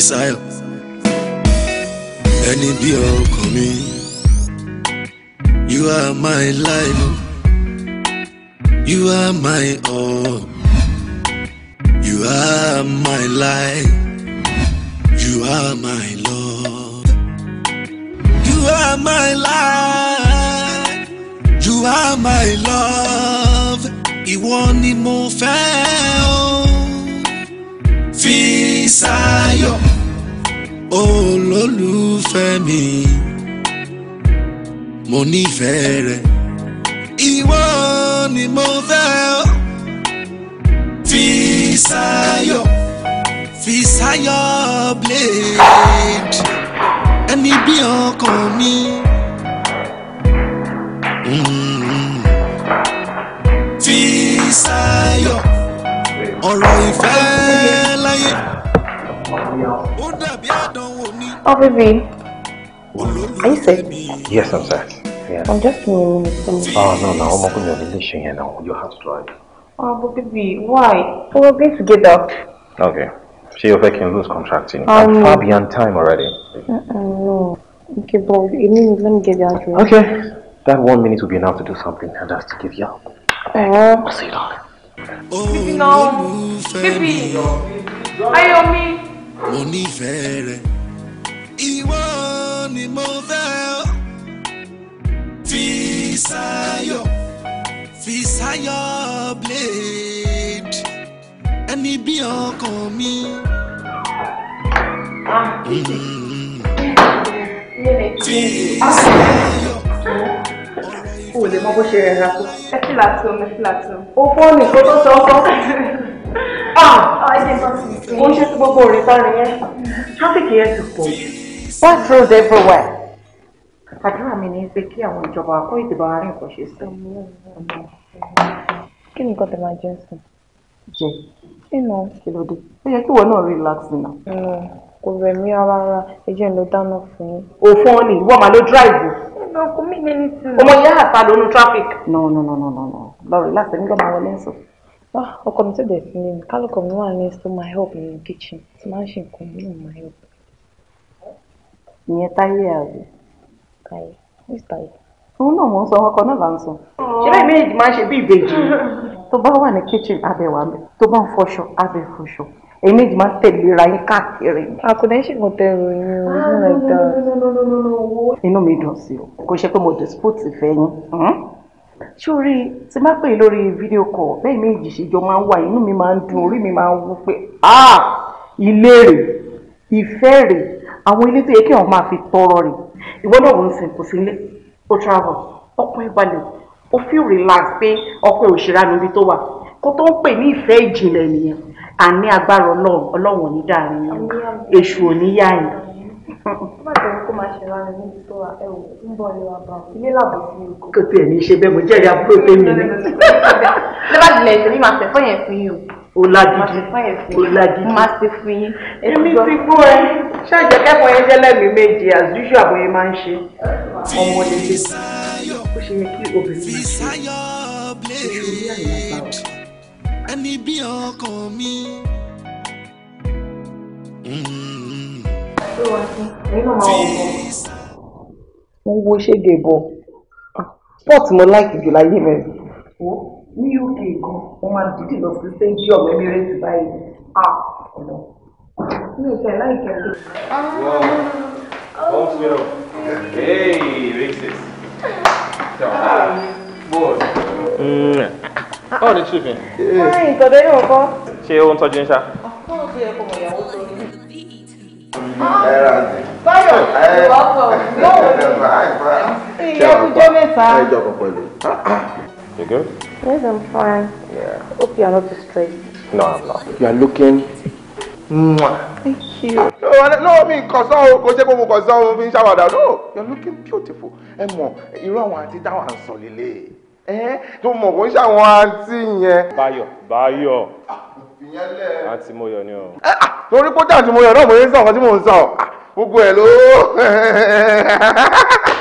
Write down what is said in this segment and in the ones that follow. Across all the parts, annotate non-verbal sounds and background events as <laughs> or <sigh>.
Fisayo ẹni bí ọkàn mi you are my life you are my all you are my life you are my love you are my life you are my love ìwọ ni mo fẹ́ o Fisayo olólùfẹ́ mi mo nífẹ̀ẹ́ rẹ ìwọ ni mo fẹ́ ọ. Fisáyọ̀ Fisáyọ̀ blade ẹni bí ọkàn mi. Mm-hmm. Fisáyọ̀ ọ̀rọ̀ ìfẹ́ láyé ó dàbí àdá. Oh, baby. Are you sick? Yes, I'm sick. Yeah. I'm just in your Oh, no, no. I'm not to your relation here now. You have to try. Oh, but baby, why? So we're going together. Okay. She of can lose contracting. Um, I'm far beyond time already. Uh, no. Okay, but it means let me get the address. Okay. That one minute will be enough to do something, and that's to give you up. Uh, I'll see you later. Oh, baby, no. Baby. Ayomi. Mo me? ìwọ ni mo fẹ́ o. Fisáyọ̀ Fisáyọ̀ blade ẹni bí ọkàn mi. Fisáyọ̀. O lè mọ bó ṣe rẹ̀ ra tó. Ẹ fi làtò, ẹ fi làtò. O fọ́ọ̀nì kó tó sọ ọ́ Ah! Ọ̀ẹ́dẹ̀ kan sì. Kò ń ṣe sí gbogbo òrìta rẹ̀ yẹn. Tráfíkì yẹn ti pọ̀ jù bathrooms everywhere. àdúrà mi ni pé kí àwọn ìjọba kó ìdìbò àárín nǹkan ṣe sí. kí ni nǹkan tẹ máa jẹ sùn. jẹ ìnà kí ló dé ó yẹ kí ìwọ náà relax nà. kò rẹ̀ mí ara ara ẹjẹ́ ń lọ dáná fún yín. ọ̀nì ìwọ máa ló drive. ọmọ kò mí lé ní tìlú. ọmọ ìyá àtàlù onú traffic. no no no no no no lọ relax nígbà máa wọlé sùn. Ah, ọkọ mi tẹ̀lé sí mi kálukọ mi wà ní so my help in the kitchen tí máa ń ṣe nǹkan mi ò my help ìyẹn táyé àwẹ̀. táyé wíṣ táyé. òun náà mò ń sọ ọkọ náà là ń sọ. ṣé bẹ́ẹ̀ méjì máa ń ṣe bí ìbejì. tó bá wà ní kitchen abẹ wà mẹ tó bá ń fọṣọ abẹ fọṣọ èyí méjì máa ń tẹ̀léra yín káàkiri. àkùnrin ṣì kò tẹ ìròyìn ojú rẹ dán. inú mi dùn sí o kò ṣe pé mo dispute ìfẹ́ yín sórí hmm? tí má pè lórí fídíò kọ lẹ́yìn méjì ṣèjọ máa ń wà inú mi máa ń dùn orí mi máa ń wú pé ah ilé rè àwọn ilé tó yẹ kí àwọn máa fi tọrọ rè ìwọ náà wò ń sìn kò sílé ó travel ọkùn ìbalẹ̀ ó feel relax pé ọkùn òṣèrà níbi tó wà kó tó ń pè ní ìfẹ́ ìjìnlẹ̀ nìyẹn àní agbára ọlọ́run ọlọ́run òní dàrin yín èṣù òní yá yín. kò tiẹ̀ ní í ṣe bẹ́ẹ̀ mo jẹ́rìí àbúrò tèmi ni. <laughs> lọ́ba ìlẹ̀ ìṣèlú máa fẹ́ fọ́yẹ̀ fún yín o ó lágídí ó lágídí. má ti fún yín. èmi ti gbọ́ ẹ ṣáàjẹ́ kẹ́kọ̀ọ́ yẹn jẹ́ lẹ́mìí méje as usual àbọ̀ yẹn máa ń ṣe ọmọ lè lè ó ṣe ní kí obìnrin máa ṣe ìṣòro yà ní àgbà ọ. ẹni bí ọkàn mi. ṣé wàá fún ẹ̀yin náà máa wọ̀ bọ̀. mo wo ṣége bọ̀ ah, pọ́ọ̀tì mo láìkì jù láyé mẹ́rin ní UK gan wọ́n máa dìde lọ sí sẹ́ńtì ọ̀gbẹ́ mi rẹ̀ sí báyìí a ọ̀nà mi ò tẹ̀ láìpẹ́ lè. Bom filho. Ei, vem vocês. Tchau. Boa. Ó, ní chief. Ẹ̀ ìtọ́jú ẹni wọn kọ́. Ṣé o tọ́jú ń ṣá? Ọ̀pọ̀ òbí ẹ̀kọ́ mọ̀ ìyàwó tó ní. Báyọ̀ ìwà ọkọ̀ lọ́wọ́. Ìyàwó mẹ́ta. Eh, You good? Yes, I'm fine. Yeah. Hope you are not too stressed. No, I'm not. You are looking. Mwah. Thank you. Oh, no, I, no, I mean, cause all, cause you go cause all, finish our that. No, you're looking beautiful. Ẹ mọ̀, irú àwọn àǹtí táwọn à ń sọ Don't Ẹ tó mọ̀ kó ń ṣàwọn àǹtí yẹn. Báyọ̀, Báyọ̀. Ah, Ìyẹn lẹ̀. Àǹtí Moyọ̀ ni o. Eh, ah, torí kó dàtí Moyọ̀ náà mo yẹ sọ̀kan tí mò ń sọ. Ah, gbogbo ẹ̀ ló. <laughs>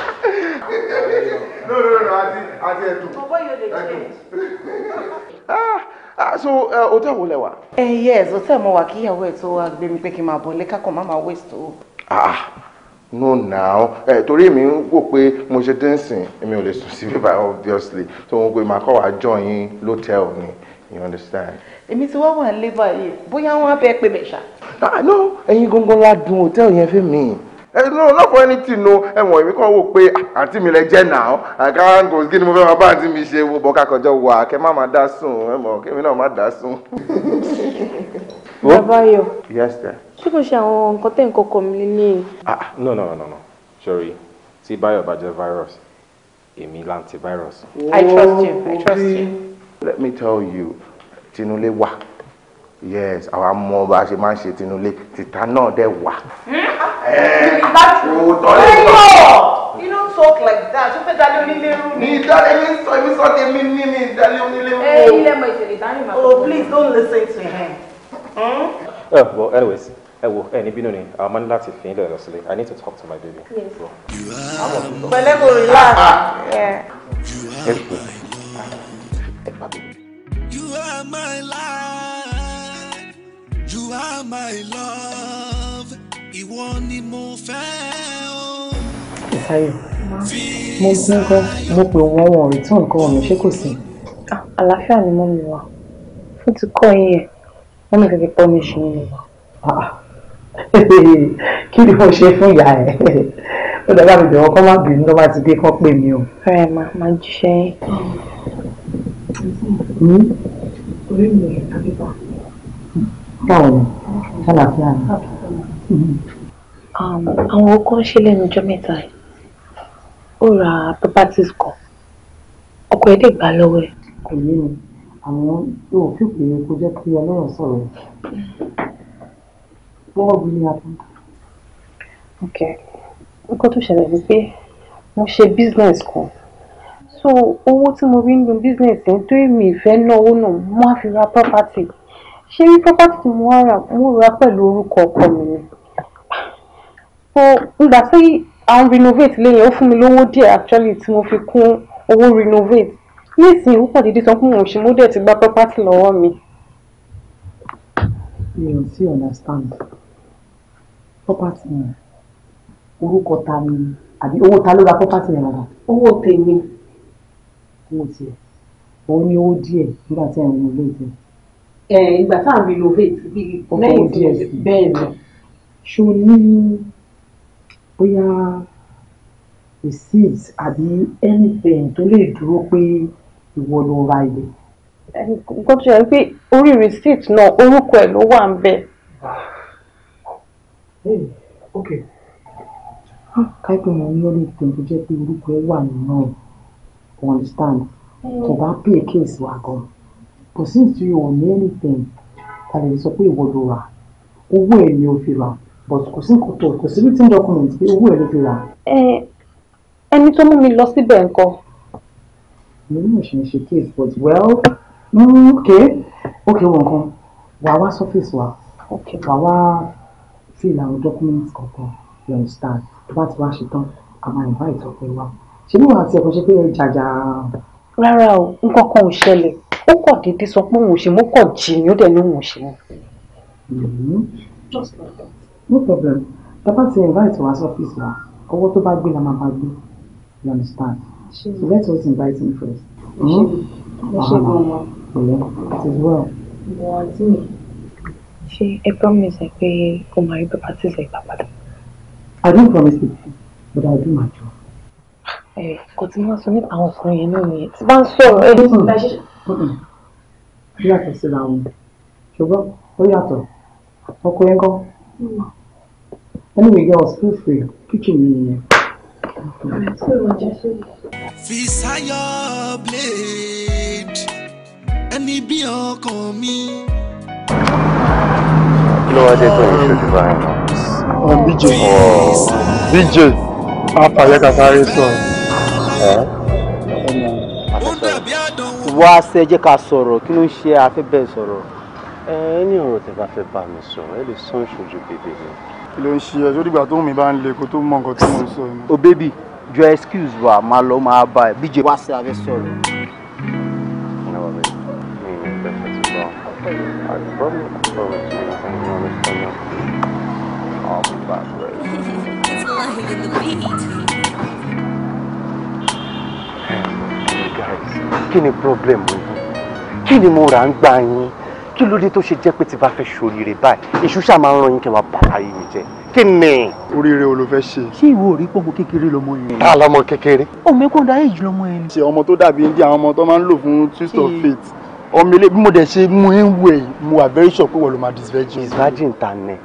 Ah, ah so eh, hotel wo lẹ wà. Eh, yes hotel mo wà kí ìyàwó ẹ tó wá gbé mi pé kí n máa bọ̀ lẹ́kàkọ́ má máa waste o. ah no now Eh, tori mi ń wò pé mo ṣe dancing èmi ò lè sùn sí bíbá obviously so mo pe màá kọ́ wàá join hotel ni you understand. Emi ti wa wà ní lébà yìí bóyá wọn á bẹ́ẹ̀ pè mẹ́ṣà. Ah, no ẹ̀yin gangan la dùn hotel yẹn fẹ́ mi no not for anything no ẹ̀wọ̀n èmi kàn wò pé ah, àǹtí mi lẹ jẹ́ náà àká ń gòsì kí ni mo fẹ́ máa bá àǹtí mi ṣe wo bọ́ kákọjọ wà kẹ má máa dá sùn ẹ̀mọ̀ kémi náà má dá sùn. <laughs> bàbá yọ ṣé kò ṣe àwọn nǹkan tẹ̀ ń kọkọ mi ní. ah no no no no sorry tí báyọ̀ bá jẹ́ virus èmi virus. i trust you i trust you. let me tell you tinule wa yes àwa mọ bá a ṣe máa ń ṣe tinúlé tìta náà dẹ wà. Hmm? you don't talk like that ṣé fẹ́ dalẹ̀ onílérú ni. ní ìdálẹ́ mi sọ èmi sọ de mi ní ní ìdálẹ́ onílérú. ẹ ilé ẹmọ ìṣẹ̀lẹ̀ ìdánimọ̀ àkọ́kọ́. oh please don't listen to him. Hmm? ẹ wọ anyways ẹ wo ẹ ní bínú ni àwọn máa ń láti fi ilé ẹ lọ sílé i need to talk to my baby. pẹ̀lẹ́ kò rí láà. ẹ pàdé. you are my life. You are my love, ìwọ ni mo fẹ́ o. Ṣayọ̀, mo gún gan, mo pè wọ́n wọn ò nǹkan ọ̀nà ṣé kò sí? Àlàáfíà ni mo mi wá. Fún ti kọ́ yín ẹ̀, wọ́n mi fẹ́ pọ́ mi ṣe yín ni wá. Ah, ah. <laughs> Kí ni mo ṣe fún ìyá ẹ̀? Ó dàgbà mi bẹ̀rẹ̀ kọ́ má bínú lọ́wọ́ àti dé kán pè mí o. Ẹ máa máa jíṣẹ́ yín. Hmm? Orí mi ò yẹ báwo ni ṣàlàfíà ni. Um, àwọn kan ṣe lẹ́nu ọjọ́ mẹ́ta yìí ó ra properties kan ọkọ ẹ̀ dẹ̀ gbà lọ́wọ́ ẹ̀. kò ní o àwọn yóò fi pè é kó jẹ́ kí ọlọ́run sọ̀rọ̀ wọ́n bí ní apá. ok nǹkan tó ṣẹlẹ̀ ni pé mo ṣe business kan so owó tí mo rí ń lo business yẹn tó èmi ìfẹ́ náwó náà mo á fi ra property ṣé rí property tí mo wá rà mo rà pẹ̀lú orúkọ ọkọ mi ni so nígbà tí à ń renovate lẹ́yìn ó fún mi lówó díẹ̀ actually tí mo fi kún owó renovate nísìnyí púpọ̀ dídí sọ fún òun ṣe mo dẹ̀ ti gba property lọ́wọ́ mi. mi ò sí understand property yẹn orúkọ ta ni àbí owó ta ló ra property yẹn rárá. owó tèmi. owó tiẹ̀ òun ní owó díẹ̀ nígbà tí à ń renovate yẹn. Eh, ìgbà tá à ń renovate bí lẹ́yìn tí mo bẹ́ẹ̀ lọ ṣó ní bóyá receipt àbí anything tó lè dúró pé ìwọ ló ra ilẹ̀. Eh, nǹkan tó yẹ pé orí receipt náà orúkọ ẹ̀ ló wà ń bẹ̀. Eh, okay ah, káìpẹ́ wọn ní ọdún ìpín tó jẹ́ pé orúkọ ẹ̀ wà nínú ẹ̀ understand kò hmm. bá pè é kéèsì wa gan-an kò sí ìtì wọn ní anything ta lè sọ pé ìwọ ló rà owó ẹ̀ ni o fi rà but kò sí kò tó kò sí written document pé owó ẹ̀ ló fi rà. ẹni tó mú mi lọ síbẹ̀ ńkọ́. mo ní òṣèlú ṣe case but well mm, ok ok wọn kan wàá wá surface wa wàá wá fill àwọn documents kọ̀ọ̀kan you understand tó bá ti wá ṣe tán a máa invite ọ̀pẹ wa ṣé bí wọn àti ẹ̀kọ́ ṣe pé ẹ jàjà. rárá o nǹkan kan ò ṣẹlẹ̀ ó kàn dédé sọ pé òun ṣe mú kàn jìyàn dẹ̀ ní òun ṣe. Mm-hmm. no problem bàbá ti invite wa sí ọ́fíìsì wa owó tó bá gbé la máa bá gbé you understand so let us invite him first. ọ̀hún ọ̀hún ṣe ẹ promise ẹ pé kò máa rí bàbá tí ìṣe ìgbà padà. I don't promise you but I do my job. ẹ kò tí wọ́n sọ nípa àwọn ọkùnrin yẹn náà nìyẹn tí bá ń sọ̀rọ̀ ẹ. Ya síra wọn ṣùgbọ́n ó yàtọ̀ ọkọ ẹ̀ ń kọ́ anyway girls feel free kitchen mi nìyẹn. Fisayo blade ẹni bí ọkàn mi. kí ló wá dé tó yìí ṣojú báyìí náà. bj bj apàyẹ kàkàrí sọ wá ṣe jẹ́ ká sọ̀rọ̀ kí ló ń ṣe afẹ́bẹ́ sọ̀rọ̀. ẹ ẹ ní ọ̀rọ̀ tẹ́ bá fẹ́ bá mi sọ ẹ lè sọ ìṣojú bèbè mi. kí ló ń ṣe ẹ sórí ìgbà tó mi bá ń le kó tó mọ nǹkan tí mo sọ o bébì jọ excuse wa máa lọ máa bá ẹ bíjẹ wá ṣe afẹ́ sọ̀rọ̀. Flying in the beat. guys kí ni problem yín kí ni mo rà ń gbà yín kí ló dé tó ṣe jẹ́ pé tí bá fẹ́ ṣoríire báyìí èṣù ṣáà máa ń ran yín kí n máa bàbá yín mi jẹ kí ni. oríire o ló fẹ́ ṣe. ṣé ìwọ ò rí pọ́nmọ kékeré lọmọ yẹn. ta lọmọ kékeré. ọmọ ẹkọ ọdọ ayéjì lọmọ yẹn. ṣe ọmọ tó dàbí ndí àwọn ọmọ tó máa ń lò fún twist of fate ọmọ ilé bí mo dẹ̀ ṣe mú ẹ wù mo wà very sure pé wọ́n ló máa disvirgin. disvirgin ta nẹ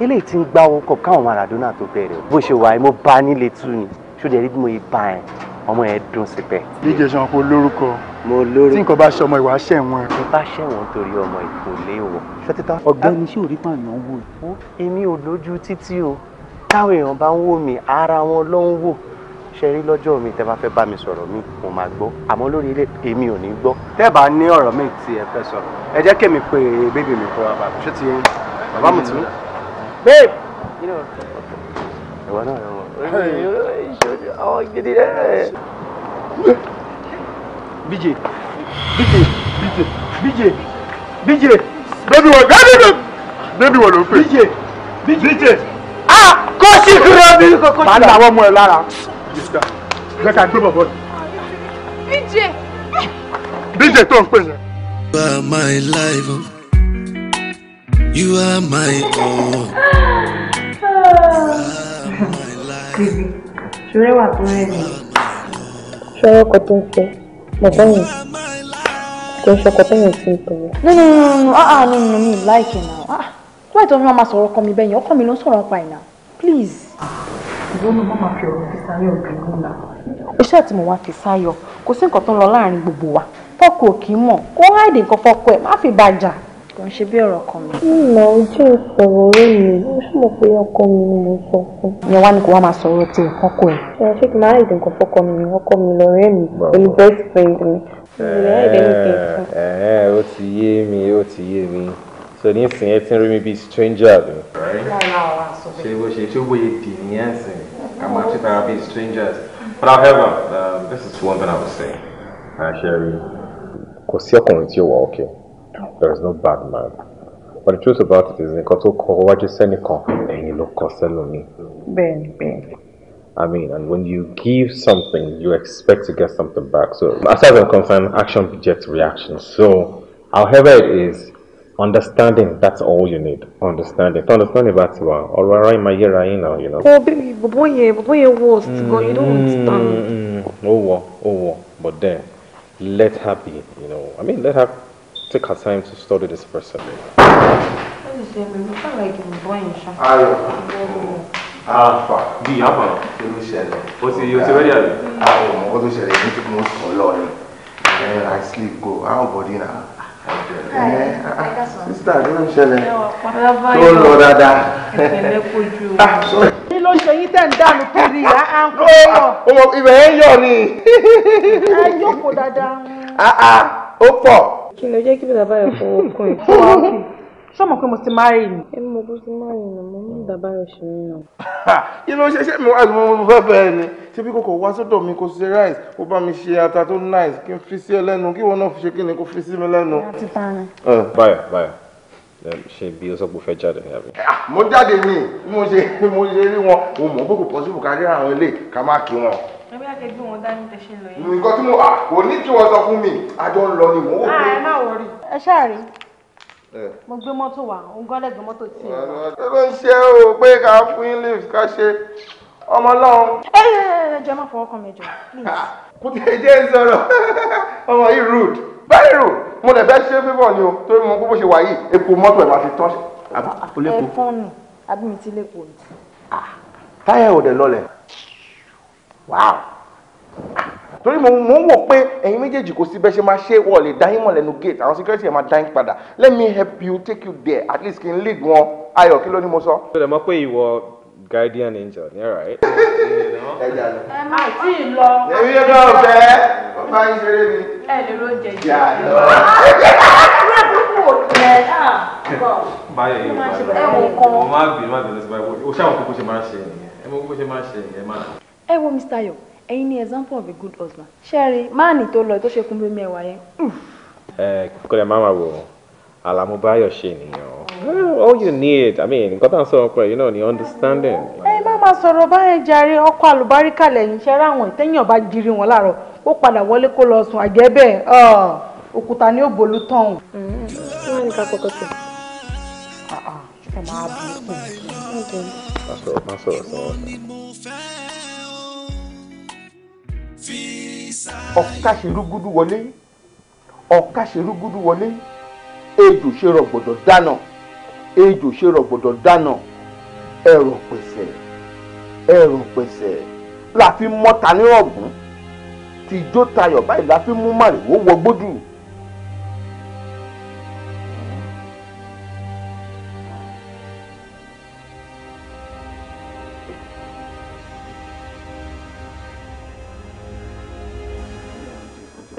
eléyìí ti ń gbá wọn kọ káwọn Maradona tó bẹ̀rẹ̀ bó ṣe wà mo bá nílé tú ni ṣó ọmọ yẹn dùn síbẹ̀. díje sàn kó lórúkọ mo lórúkọ tí nǹkan bá ṣe ọmọ ìwà ṣẹ̀wọ̀n. mo bá ṣẹ̀wọ̀n torí ọmọ ìkòlé wọ̀. ṣọtítà ọ̀gbẹ́ni ṣé òrí pààyàn wò èmi ò lójú títí o táwọn èèyàn bá ń wò mí ara wọn ló ń wò ṣe rí lọ́jọ́ mi tẹ́ bá fẹ́ bá mi sọ̀rọ̀ mi mo máa gbọ́ àmọ́ lórí ilé èmi ò ní gbọ́. tẹ́ bá ní ọ̀rọ̀ mi tí ẹ fẹ́ sọ ẹ jẹ́ kémi pé bébì mi kọ́ bàbá ṣé ti bàbá mi tún. babe. ìwọ náà ìwọ. Oh, gidi rẹ. bíjè bíjè bíjè bíjè bíjè. bébí wọn gbẹ́dẹ̀ lọ bébí wọn ló pè. bíjè bíjè. a ah, kò sí kúrò mi. màá ní àwọn ọmọ ẹ lára. jẹ́ ká gbé bọ̀bọ̀. bíjè. bíjè tó ń pè yẹn. You are my life, oh. you are my all. You are my life ṣoré wà tó rẹ̀ mí. ṣọ́rọ́ ọkọ̀ tó ń fẹ́ bàbá yẹn kò ń ṣọkọ̀ tó yẹn sí ìtọ́wọ́. no no no no ah ah no now ah, please. ìgbóná má máa fi ọ̀rọ̀ fi sáyọ̀ dùnú la. iṣẹ́ àti mò ń wá fi sáyọ̀ kò sí nǹkan tó ń lọ láàrin gbogbo wa fọ́ọ̀kù ò kì kò ń ṣe bí ọ̀rọ̀ ọkọ mi. mo ojú ìsọ̀rọ̀ orí mi ó ṣùgbọ́n pé ọkọ mi ni mo sọ fún. ìyẹn wá ní kó wá máa sọ̀rọ̀ tí nǹkan kọ ẹ̀. ẹ ṣé kí n máa rí nǹkan fọkọ mi ni ọkọ mi lọ́rẹ́ mi pẹ̀lú best friend mi. ẹ ẹ ó ti yé mi ó ti yé mi so ní ìsìn yẹn ti ń rí mi bíi stranger ni. ṣé bó ṣe ṣé ó bóyá dì nìyẹn sìn ká máa treat ara bíi strangers but however um, this is one thing I would say. àṣẹ rí kò sí ọkùnrin tí ó wà ókè. Okay. there is no bad man but the truth about it is nǹkan tó kọ wájú sẹ́nìkan ẹ̀yìn ló kọ I mean, and when you give something, you expect to get something back. So, as far as I'm concerned, action begets reaction. So, however it is, understanding, that's all you need. Understanding. To understand about you are, or my year you know. Oh, baby, boy, boy, mm, you don't mm, understand. oh, well, oh, But then, let her be, you know. I mean, let her take her time to study this first survey. Ayọ̀ afa bí afa kí ló ṣẹlẹ̀. O ti o ti wẹ́dí àlọ́. Ayọ̀ mọ̀ o tó ṣẹlẹ̀ ní tí mo sọ lọ ni. I sleep go, how body na? Sista kí ló ń ṣẹlẹ̀? Tó ń lọ dáadáa. Kí ló ń ṣe yín tẹ̀ ń dànù kiri ìyá à ń kó yọ? Ibẹ̀ yẹn yọ ni. Ẹ jókòó dáadáa. Ó pọ̀ kí ló jẹ́ kí bàbá yẹn fọwọ́ kún ẹ̀ fún wa kù ṣé mo pé mo ti máa rí ni. ẹ mọ bó ti máa rí ni mo ní bàbá yẹn ṣe ń nà. kí ló ṣe ṣe mi wá ìgbìmọ̀ mo fẹ́ bẹ́ẹ̀ ni ṣé bí kòkò wá sọ́dọ̀ mi kò ṣe rice ó bá mi ṣe ata tó nice kí n fi sí ẹ lẹ́nu kí wọn náà fi ṣe kí ni kò fi sí mi lẹ́nu. báyọ̀ báyọ̀ ṣe bí o sọ pé o fẹ́ jáde ní àbí. Ah, mo jáde ní mo ṣe rí wọn mo mọ̀ pé kò pọ̀ sí bùkárí àwọn ilé ká má kí wọn nǹkan tí mo ah, kò ní tí wọ́n sọ fún mi àjọ ń lọ ni mò ń wò pé. Ah, ẹ má wọrí. ẹ ṣáà rí mo gbé mọ́tò wá òun gọ́lẹ̀ gbé mọ́tò tì í. ṣé ló ń ṣe o pé ká fún yín lè ká ṣe ọmọ lọ́hún. ẹ ẹ ẹ jẹ́ má fọwọ́ kan mi jọ. kò tẹ̀ jẹ́ ń sọ̀rọ̀ ọmọ yìí rude bẹ́ẹ̀ rò mo lè fẹ́ ṣe fífọ̀ ni o torí mo kó bó ṣe wà yìí epo mọ́tò ẹ̀ máa fi tán àbá àpò lẹ́kọ̀ọ́. ẹ fọ́ọ̀nù àbí mi ti ah, táyà ò dẹ̀ lọlẹ̀ wow torí mo mo ń wò pé ẹ̀yin méjèèjì kò sí bẹ́ẹ̀ ṣe máa ṣe wọ́n lè dá yín mọ̀ lẹ́nu gate àwọn security ẹ̀ máa dá padà let me help you take you there at least kí n lead wọn ayọ̀ kí ló ní mo sọ. ṣe lè mọ̀ pé ìwọ guardian angel ní ẹ̀rọ ẹ̀. ẹ má tí ì lọ. èmi yóò bá ọ̀fẹ́ ó bá yín ṣeré mi. ẹ lè ló jẹ jù. yà á lọ. ìwé púpù ò tẹ náà. báyọ̀ yóò bá yọ̀ ẹ̀ wò kan. mo má bì má bì lọ sí báyọ̀ o ṣáà mọ̀ pé ṣe máa ṣe ẹ ẹ wo Mr. Ayọ̀ ẹ̀yin ni example of a good husband ṣẹ́ẹ̀rì máàní tó lọ tó ṣe kún bíi mẹ́wàá yẹn. ẹ kó lè má máa wò ó Àlàmú Báyọ̀ ṣe nìyẹn all you need i mean nǹkan tá à ń sọ̀rọ̀ pẹ̀ yìí náà ni understanding. ẹ má máa sọ̀rọ̀ báyẹn jàre ọkọ àlùbáríkà lẹ́yìn iṣẹ́ ráwọn ìtẹ́yìn ọba jírí wọn láàárọ̀ ó padà wọlé kó lọ sùn àjẹ́ òkúta ni ó bolú tán. kí mm-hmm. wọ́n ní ká kọ́kọ́ tẹ̀. Ah, ah, ẹ máa bí i. má sọ̀rọ̀ má sọ̀rọ̀ sọ̀rọ̀ ọ̀ká ṣerú gúdú wọlé ọ̀ká ṣerú gúdú wọlé ejò ṣe rọ̀gbọ̀dọ̀ dáná ejò ṣe rọ̀gbọ̀dọ̀ dáná ẹ̀rọ̀ pẹ̀sẹ̀ ẹ̀rọ̀ pẹ̀sẹ̀ la fi mọ́ta ní ọ̀gùn tìjó tayọ̀ báyìí la fi mú màrìwò wọgbódù.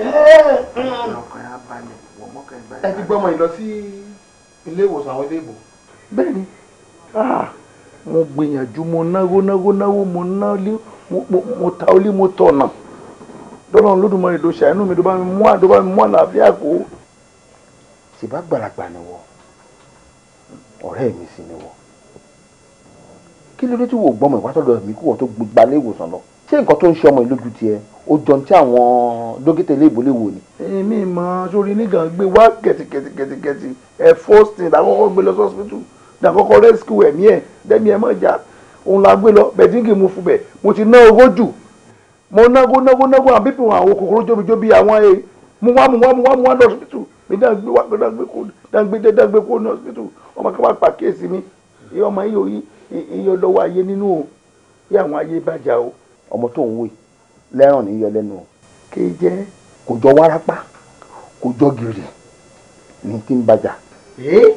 ọkàn á balẹ̀ wọ́n mọ́kàn ẹ̀ balẹ̀. ẹ ti gbọ́mọ ìlọ sí ilé ìwòsàn àwọn iléèbò. Ah. mo gbìyànjú mo náwó náwó náwó mo náwó mo ta olé mo tọ̀nà lọ́nà Olódùmarè ló ṣàánú mi ló bá mi mú àdó bá mi mú àlàáfíà kó. ṣèbá gbàlagbà ni wọ ọ̀rẹ́ mi sì ni wọ kí ló dé tí wò gbọ́mọ ìwà sọ́dọ̀ mi kí wọ́n tó gbalé ìwòsàn lọ ṣé nǹkan tó ń ṣe ọmọ ìlójú tiẹ̀ ó jọ ní tí àwọn dókítà ilé ìbò lè wò ni. èmi mọ sórí nígàn gbé wá kẹtìkẹtìkẹtì ẹ first thing àkọ́kọ́ gbé lọ sọ́sìpítù dàkọ́kọ́ rescue ẹ̀mí ẹ̀ dẹ́mi ẹ̀ mọ̀ já òun la gbé lọ bẹ̀díngì mu fún bẹ̀ mo ti ná owó jù mo nágó nágó nágó àwọn pípìn àwọn kòkòrò jóbijóbi àwọn ẹ̀ eh, mú wá mú wá mú wá mú wá lọ sọ́sìpítù mi dáńgbé wá dáńgbé kó dáńgbé dé dáńgbé kó ní ọsibítù ọmọ kan wá pàkíyèsí mi ìyá ọmọ yìí ò yí ìyá ọlọ́wọ́ ayé nínú o ìyá àwọn ayé bàjá o. ọmọ tó ń wò yìí lẹ́rùn ní yọlẹ́nu o kéè jẹ́ kò jọ wárápá kò jọ gírì ní tí ń bàjá. bẹ́ẹ̀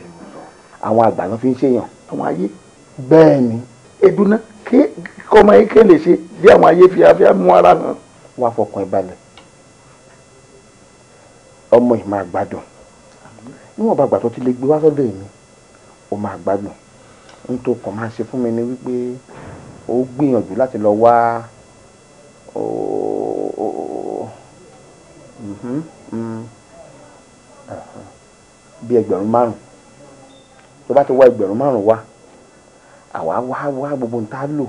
ni mo sọ. àwọn àgbà náà fi ń ṣèyàn àwọn ayé bẹ́ẹ̀ ni eduna kí kọ́mọ yìí kéè lè ṣe bí àwọn ayé fíafíà mú ara hàn. wá fọkàn ìbalẹ̀ ọmọ yìí máa gbádùn níwọ̀n bá gbàtọ́ ti lè gbé wá sọ́dọ̀ èmi ó máa gbádùn n tó kàn máa ṣe fún mi ni wípé ó gbìyànjú láti lọ wá. Wa bí ẹgbẹ̀rún márùn tó bá ti wá ẹgbẹ̀rún márùn wá àwa wá wá gbogbo nta lò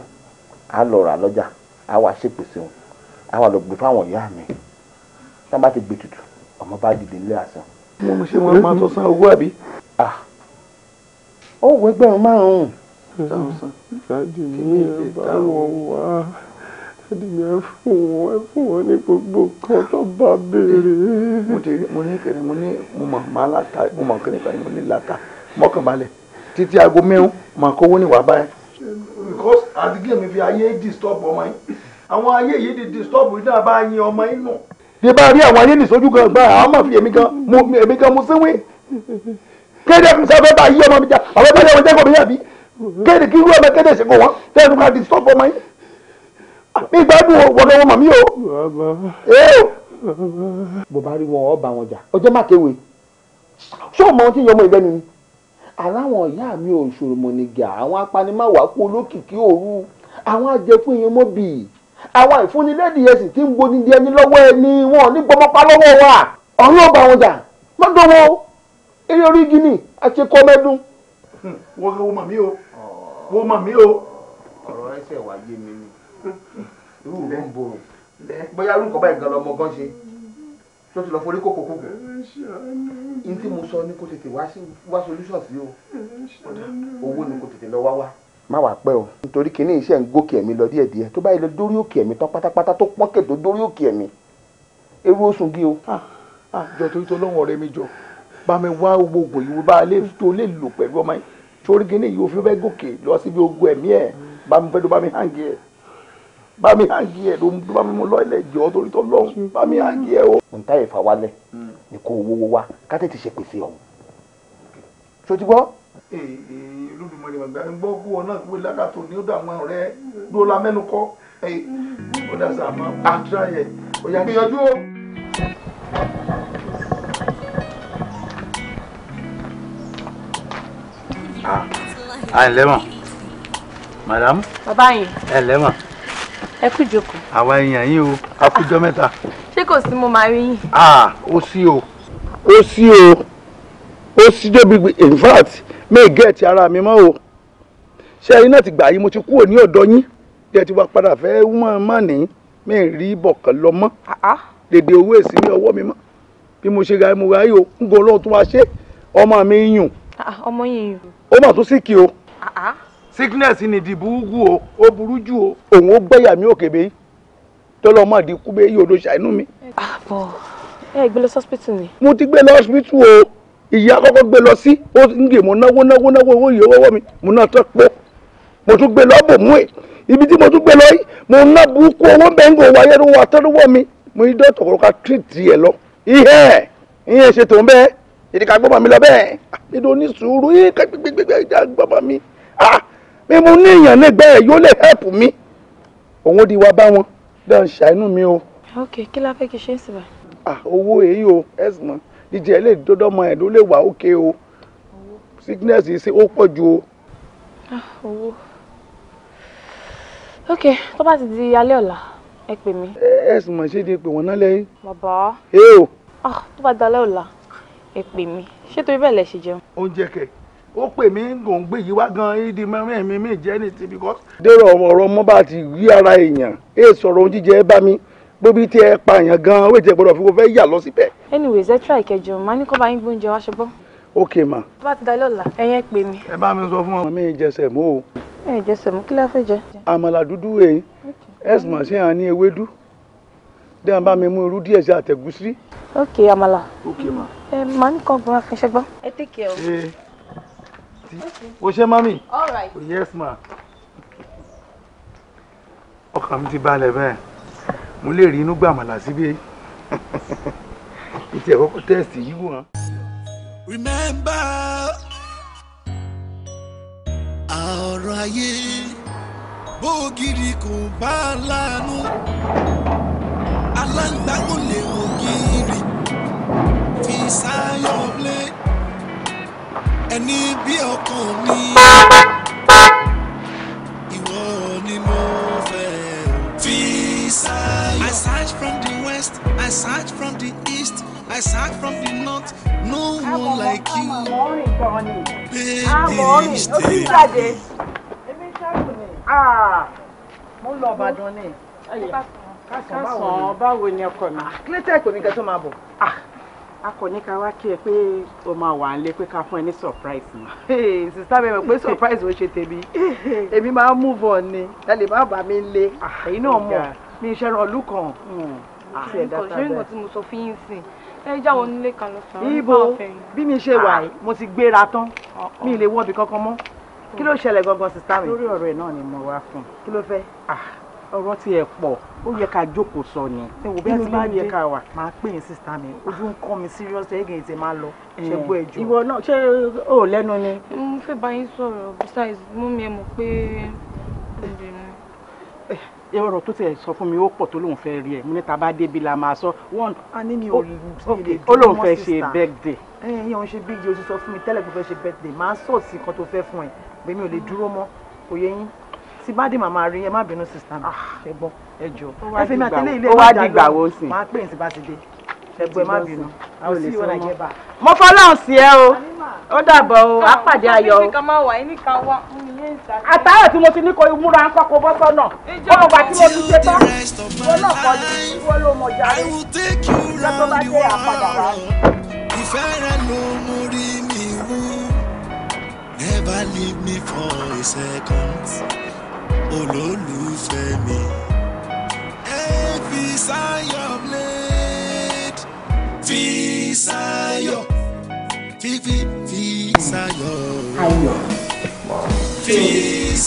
á lọ rà lọ́jà á wá ṣèpèsè òun á wà lọ gbé fáwọn ìyá mi tá bá ti gbé tutù ọmọ bá dìde nílé àṣà. mo ní ṣe wọn máa tó san owó àbí. ó wọ ẹgbẹ̀rún márùn-ún. ìdáhùn sàn ìdájú mi ẹ bá wọn wá dáàdì mi ẹ fún wọn ẹ fún wọn ní gbogbo nǹkan tó bá béèrè. mo ti rí mo ní kẹrin mo ní mo mọ máa láta mo mọ kẹrin kan mo ní láta mọ́kànbalẹ̀ títí aago mẹ́rin màá kówó ní wàá báyìí. because àdìgẹ́ mi fi ayé disturb ọmọ yín àwọn ayé yìí di disturb náà bá yin ọmọ yín nù. bí bá rí àwọn ayé nìṣojú gan gbà àwọn máa fi èmi gan mo èmi gan mo síwìn kéde fún sábẹ́ bá yí ọmọ mi já àwọn ọmọ mi jẹ́ kò mí yàbí kéde kí irú ọmọ kéde ṣe kò wọ́n tẹ́lifù ká disturb ọmọ yín mi gbádùn wọdọ wọn mọ mi o. bó bá rí wọn ọ bá wọn jà ọjọ́ má kéwèé ṣé ọmọ wọn ti yan ọmọ ìgbẹ́nu ni. aláwọn ìyá mi ò ṣòro mọ̀nìgà àwọn apanimáwá kú olókìkí òru àwọn ajẹfún yẹn mọ́ bì àwọn ìfúnnilẹ́dì ẹ̀sìn tí ń gbóni di ẹni lọ́wọ́ ni wọn ní gbọmọpá lọ́wọ́ wa ọ̀run ọba wọn jà lọ́dọ̀ wọn eré orí gíní àti kọ́mẹ́dún. wọ́n mọ̀ wọ́n mọ̀ mí o. ọ̀rọ̀ ẹsẹ̀ wá mi ni irú ìlú ń borò bóyá irú nǹkan báyìí gan lọmọ gan ṣe tó ti lọ forí kókó kókó n tí mo sọ ni kò tètè wá solution sí o owó ni kò tètè lọ wá wá. má wàá pẹ́ o nítorí kinní iṣẹ́ ń gòkè ẹ̀mí lọ díẹ̀díẹ̀ tó báyìí lọ dórí òkè ẹ̀mí tán pátápátá tó pọ́n kètò dórí òkè ẹ̀mí ewu ó sùn gí o. àjọ ah, ah, torí tó lọ́wọ́ ọ̀rẹ́ mi jọ bá mi wá owó oògùn yìí bá a lè tó lè lò pẹ̀lú ọmọ yìí torí kinní yìí òfin fẹ́ gòkè lọ síbi ogun ẹ̀mí ẹ̀ bá mi fẹ́ bá mi hàngí ẹ̀ ló bá mi mú lọ́ọ̀lẹ̀ jọ torí tó lọ́hùn bá mi hàngí ẹ̀ o. nta ìfà wálẹ̀ hmm. ni kò wówó wá ká tètè ṣe pèsè ọ̀hún. sojú gbọ́. ee olùdùmọ̀lẹ̀ gbàgbà ń gbọ́ kú ọ náà wí lákàtò ní ọ̀dọ̀ àwọn ọ̀rẹ́ dúró la mẹ́nu kọ́ ọ̀dà sàmà àdúrà yẹ ọ̀yà gbìyànjú o. à ń lẹ́mọ̀ madam. bàbá yìí. ẹ lẹ́mọ̀ ẹ kú ìjókòó. àwa èèyàn yín o a kújọ mẹ́ta. ṣé kò sí mo máa rí yín. ah ó sí o ó sí o ó sí débi in fact mi gẹ̀ẹ́tì ara mi mọ́ o ṣé ẹ̀yin náà ti gbà yín mo ti kúrò ní ọ̀dọ̀ yín bí ẹ ti wá padà fẹ́ wọ́n mọ̀ ní mi rí bọ̀kàn lọ mọ́ ah, ah. dèdè owó èsì ní ọwọ́ mi mọ́ bí mo ṣe ga mo ga yìí o ń gọ́ ọlọ́run tó wá ṣe ọmọ mi yùn. Ah, ọmọ yìí yùn. ó mà tún sì kí o sickness ni di burúkú o ó burú jù o. òun ó gbẹ́yà mi òkè bẹ́ẹ̀ tọ́lọ́ mọ̀ di kú bẹ́ẹ̀ yóò ló ṣàìnú mi. àbọ̀ ẹ gbé lọ sọ́spítù ni. mo ti gbé lọ sọ́spítù o ìyá kọ́kọ́ gbé lọ sí ó ń gbè mo náwó náwó náwó owó yìí owó mi mo náà tọ́ pọ́ mo tún gbé lọ bò mú ẹ ibi tí mo tún gbé lọ yìí mo ná burúkú owó bẹ́ńgò wáyé ló wà tọ́lọ́wọ́ mi mo ní dọ́tọ̀ kọ́kọ́ ká tírìtì ẹ lọ. ihẹ́ ìyẹn ṣètò ń bẹ́ẹ̀ ìdíkà gbọ́mọ mi lọ bẹ́ẹ̀ nítorí sùúrù yìí kẹ́gbẹ́gbẹ́gbẹ́ gbọ́mọ mi ah mi mo ní èèyàn lẹ́gbẹ̀ẹ́ ẹ̀ yóò lè help mi òun di wa bá wọn dán ṣàánú mi o. ok kí la fẹ́ kí ṣe é sì ah owó èyí o ẹ̀sìn díje ẹ lè dọ́dọ́ mọ ẹ̀ ló lè wà òkè o sickness yìí sí ó pọ̀ ju o. ah owó ok tó bá ti di alẹ́ ọ̀la ẹ pè mí. ẹ̀sìn mọ̀ ṣé di pé wọ́n náà lẹ́yìn. bàbá. ah tó bá di alẹ́ ọ̀la ẹ pè mí ṣé torí bẹ́ẹ̀ lẹ ṣe jẹun. oúnjẹ kẹ̀ ó pè mí gòǹgbè yìí wá gan ìdí mẹ́rin mi mi jẹ́ ní ti because. dèrò ọ̀rọ̀ ọmọ bá ti rí ara èèyàn èè sọ̀rọ̀ ohun jíjẹ bá mi bóbi tí ẹ pa èèyàn gan owó ìtẹ̀ gbọ́dọ̀ fi kó fẹ́ yà lọ síbẹ̀. anyways ẹ try ìkẹjọ ní kó bá yín gbóúnjẹ wá ṣọgbọ́n. ok ma. tó bá ti da lọ́la ẹ̀yẹn pè mí. ẹ bá mi sọ fún ọ. mi jẹsẹ̀ mú o. ẹ jẹsẹ̀ mú kí ló fẹ́ jẹ. àmàlà dúdú èyí ẹ̀sùn àti àní ewédú dẹ́n bá mi mú irú díẹ̀ sí àtẹ̀gúsí. ok àmàlà. ok ma. ẹ màá ní kó bá fi ẹ tẹ́kẹ̀ ọ àǹtí o ṣe mami. all right. Oh, yes ma. ọkàn mi ti balẹ̀ bẹ́ẹ̀ mo lè rí inú gbàmọ̀là síbí ìtì ẹ̀kọ́ tẹ́ẹ̀sì yìí wọ̀n. remember ọ̀rọ̀ ayé bógiri kò bá lánú aláǹgbá kò lè wò gírí fi sáyọ̀ blade ẹni bí ọkàn mi ìwọ ni mo fẹ́ fi sáyọ̀. I search from the west, I search from the east, I search from the north, no one like you. Baby, stay. Ah, mo lọ Ìbàdàn ni. Kásán báwo ni ọkọ mi? Kílẹ̀ tẹ́ ẹ̀kọ́ mi kẹ́ tó máa bọ̀. Ah, akọni ká wá kí ẹ pé o máa wà nílé pé ká fún ẹ ní surprise ni. sista mi mọ̀ pé surprise ò ṣe tèmi <laughs> èmi máa ń move on ni ẹ lè má bà mí lé èyí ah, náà mọ̀ mi ṣe ràn lù kàn. ṣé nǹkan tí mo sọ fún yín sìn ẹ jáwọ́ nílé kan lọ sàn. ibo bí mi ṣe wà yìí mo ti gbéra tán mi ì lè wọ́bi kankan mọ́ kí ló ṣẹlẹ̀ gangan sista mi. lórí ọ̀rọ̀ ẹ̀ náà ni mo wá fún un. kí ló fẹ́. Ah ọ̀rọ̀ ti ẹ̀ pọ̀ ó yẹ ká jókòó sọ ni ẹ wò bí a ti bá yẹ ká wà. máa pè ní sísá mi ojú ń kọ́ mi serious ẹ̀gẹ̀ ètè máa lọ ṣe gbọ́ ẹ jù. ìwọ náà ṣé o ò lẹ́nu ni. mo fẹ́ bá yín sọ̀rọ̀ besides mú mi ẹ mọ̀ pé ọ̀rọ̀ tó tiẹ̀ sọ fún mi ó pọ̀ tó lóun fẹ́ rí ẹ̀ mo ní ta bá débi la máa sọ one. a ní mi ò lè dúró ó lóun fẹ́ ṣe birthday. ẹ ẹ yẹn ṣe bíi o ti sọ fún mi tẹ́lẹ̀ kó fẹ́ ṣe birthday máa sọ̀ọ̀sì kan tó fẹ́ fún ẹ bẹ́ẹ̀ mi ò lè dúró mọ́ kò yín tí bá dé màmá rí ẹ má bínú sísá mi ṣe ah, gbọ́ ẹ jọ ẹ fi mi àtẹlẹ ilé ìwádìí ìgbà wo sí máa pè é tí ṣe gbọ́ ẹ má bínú àwọn sí ìwọ náà jẹba. mo fọlọ́run sí ẹ o ó dàbọ̀ o á pàdé ayọ̀ o. àtàrà tí mo ti ní kó múra ń kọ́kọ́ bọ́ sọ́nà ó wà tí mo ti ṣe tán ìwọ náà kọ́ ju ìwọ ló mọ̀ jáde ìjọ tó bá jẹ́ àpàdà wa. ìfẹ́ Never leave me for a second olólùfẹ́ mi. ẹ fi sáyọ̀ blade fi sáyọ̀ fífi fi sáyọ̀. ayọ̀ fi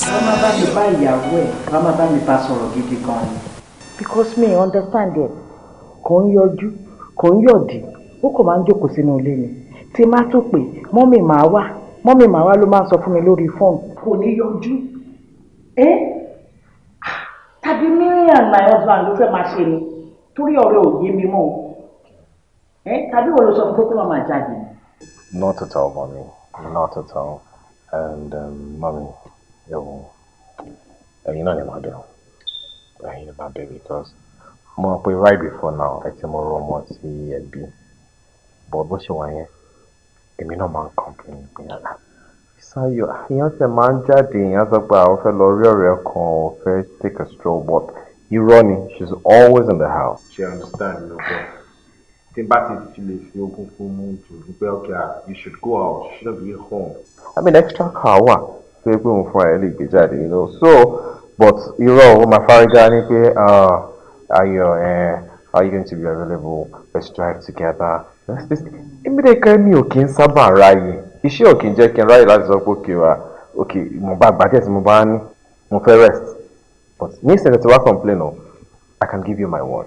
sáyọ̀. wọ́n máa bá mi bá ìyàwó ẹ̀ wọ́n máa bá mi bá sọ̀rọ̀ gidi gan ni. because me understand ẹ̀ kò ń yọjú kò ń yọ̀dí ó kò máa ń jókòó sínú ilé mi tí má tó pé mọ́mì máa wá mọ́mì máa wá ló máa ń sọ fún mi lórí fóònù kò ní yọjú ẹ́ eh? tàbí million my husband ló fẹ́ máa ṣe ni torí ọ̀rẹ́ ò yé mi mọ́ o eh? ẹ́ tàbí wo ló sọ fún kókó máa jáde. not at all mommy not at all and um, mommy ẹ̀wọ̀n ẹ̀yin náà ni màá dùn ẹ̀yin ni màá because mo mọ̀ pé right before now ẹ ti mọ ọ̀rọ̀ ọmọ sí ẹbí but bó ṣe wà yẹn èmi náà máa ń complain pé yàrá. Ah, Ṣayọ̀, èèyàn ṣẹ̀ máa ń jáde, èèyàn sọ pé àwọn fẹ́ lọ rí ọ̀rẹ́ kan, ó fẹ́ take a stroll, but irọ́ ni, she's always in the house. Ṣé understand mi but Tí n bá ti fi lè fi ogún fún mú jù ní pé okay, ah, you should go out, you should not be home. I mean extra car wà tó yẹ pé òun fúnra ẹ̀ lè gbé jáde, you know, so but irọ́ òun máa fárígá ní pé ayọ̀ ah, ẹ̀ eh, are you going to be available? Let's drive together. Let's just, èmi dẹ̀ kẹ́ mi ò kí ń sábà ráyè iṣẹ́ ò kì í jẹ́ kí n ráyè láti sọ pé òkè wa òkè mo bá gbàjẹ́ tí mo bá ní mo fẹ́ rest but ní ìsìn tí wàá complain o I can give you my word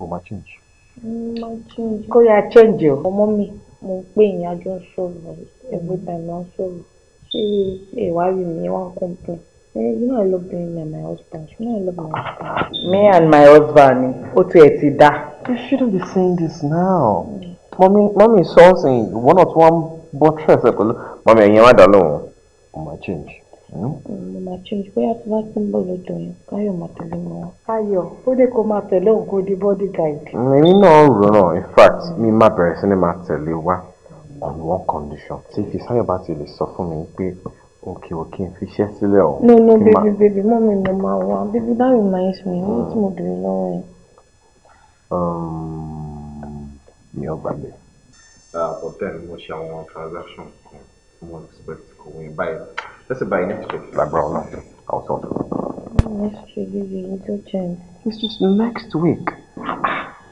o ma change. ma change kó yá change o. ọmọ mi mo ń pè yín àjọ sọ̀rọ̀ every time wọ́n sọ̀rọ̀ ṣé ìwádìí mi wọ́n complain. You know I love me and my husband. You know I love my husband. Me and my husband. Ó ti ẹ̀ ti dá. You shouldn't be saying this now. Mm. Mommy, mommy is sourcing one or two buttress ẹ pẹ̀lú mọ́mí ẹ̀yin má dá lóhùn ó máa change. Hmm? mo máa change bóyá tí wọ́n ti ń bọ̀ lọ́dọ̀ yẹn káyọ̀ máa tẹ̀lé mi wọn. káyọ̀ ó dé kó máa tẹ̀lé ògo di body guide. Hmm, èmi náà rò náà in fact mi máa bẹ̀rẹ̀ sí ni máa tẹ̀lé wa on one condition tí Fisáyọ̀ bá ti lè sọ fún mi pé òkè òkè ń fiṣẹ́ sílẹ̀ o. no no baby baby mọ́mí ni mo máa baby that reminds me ní tí mo bèrè lọ́wọ́ yẹn. Um, mi ò gbàgbé potem musiałam transaction someone expects going by that's a by next week like bro not I'll sort it mm, next week is indulgent it's just next week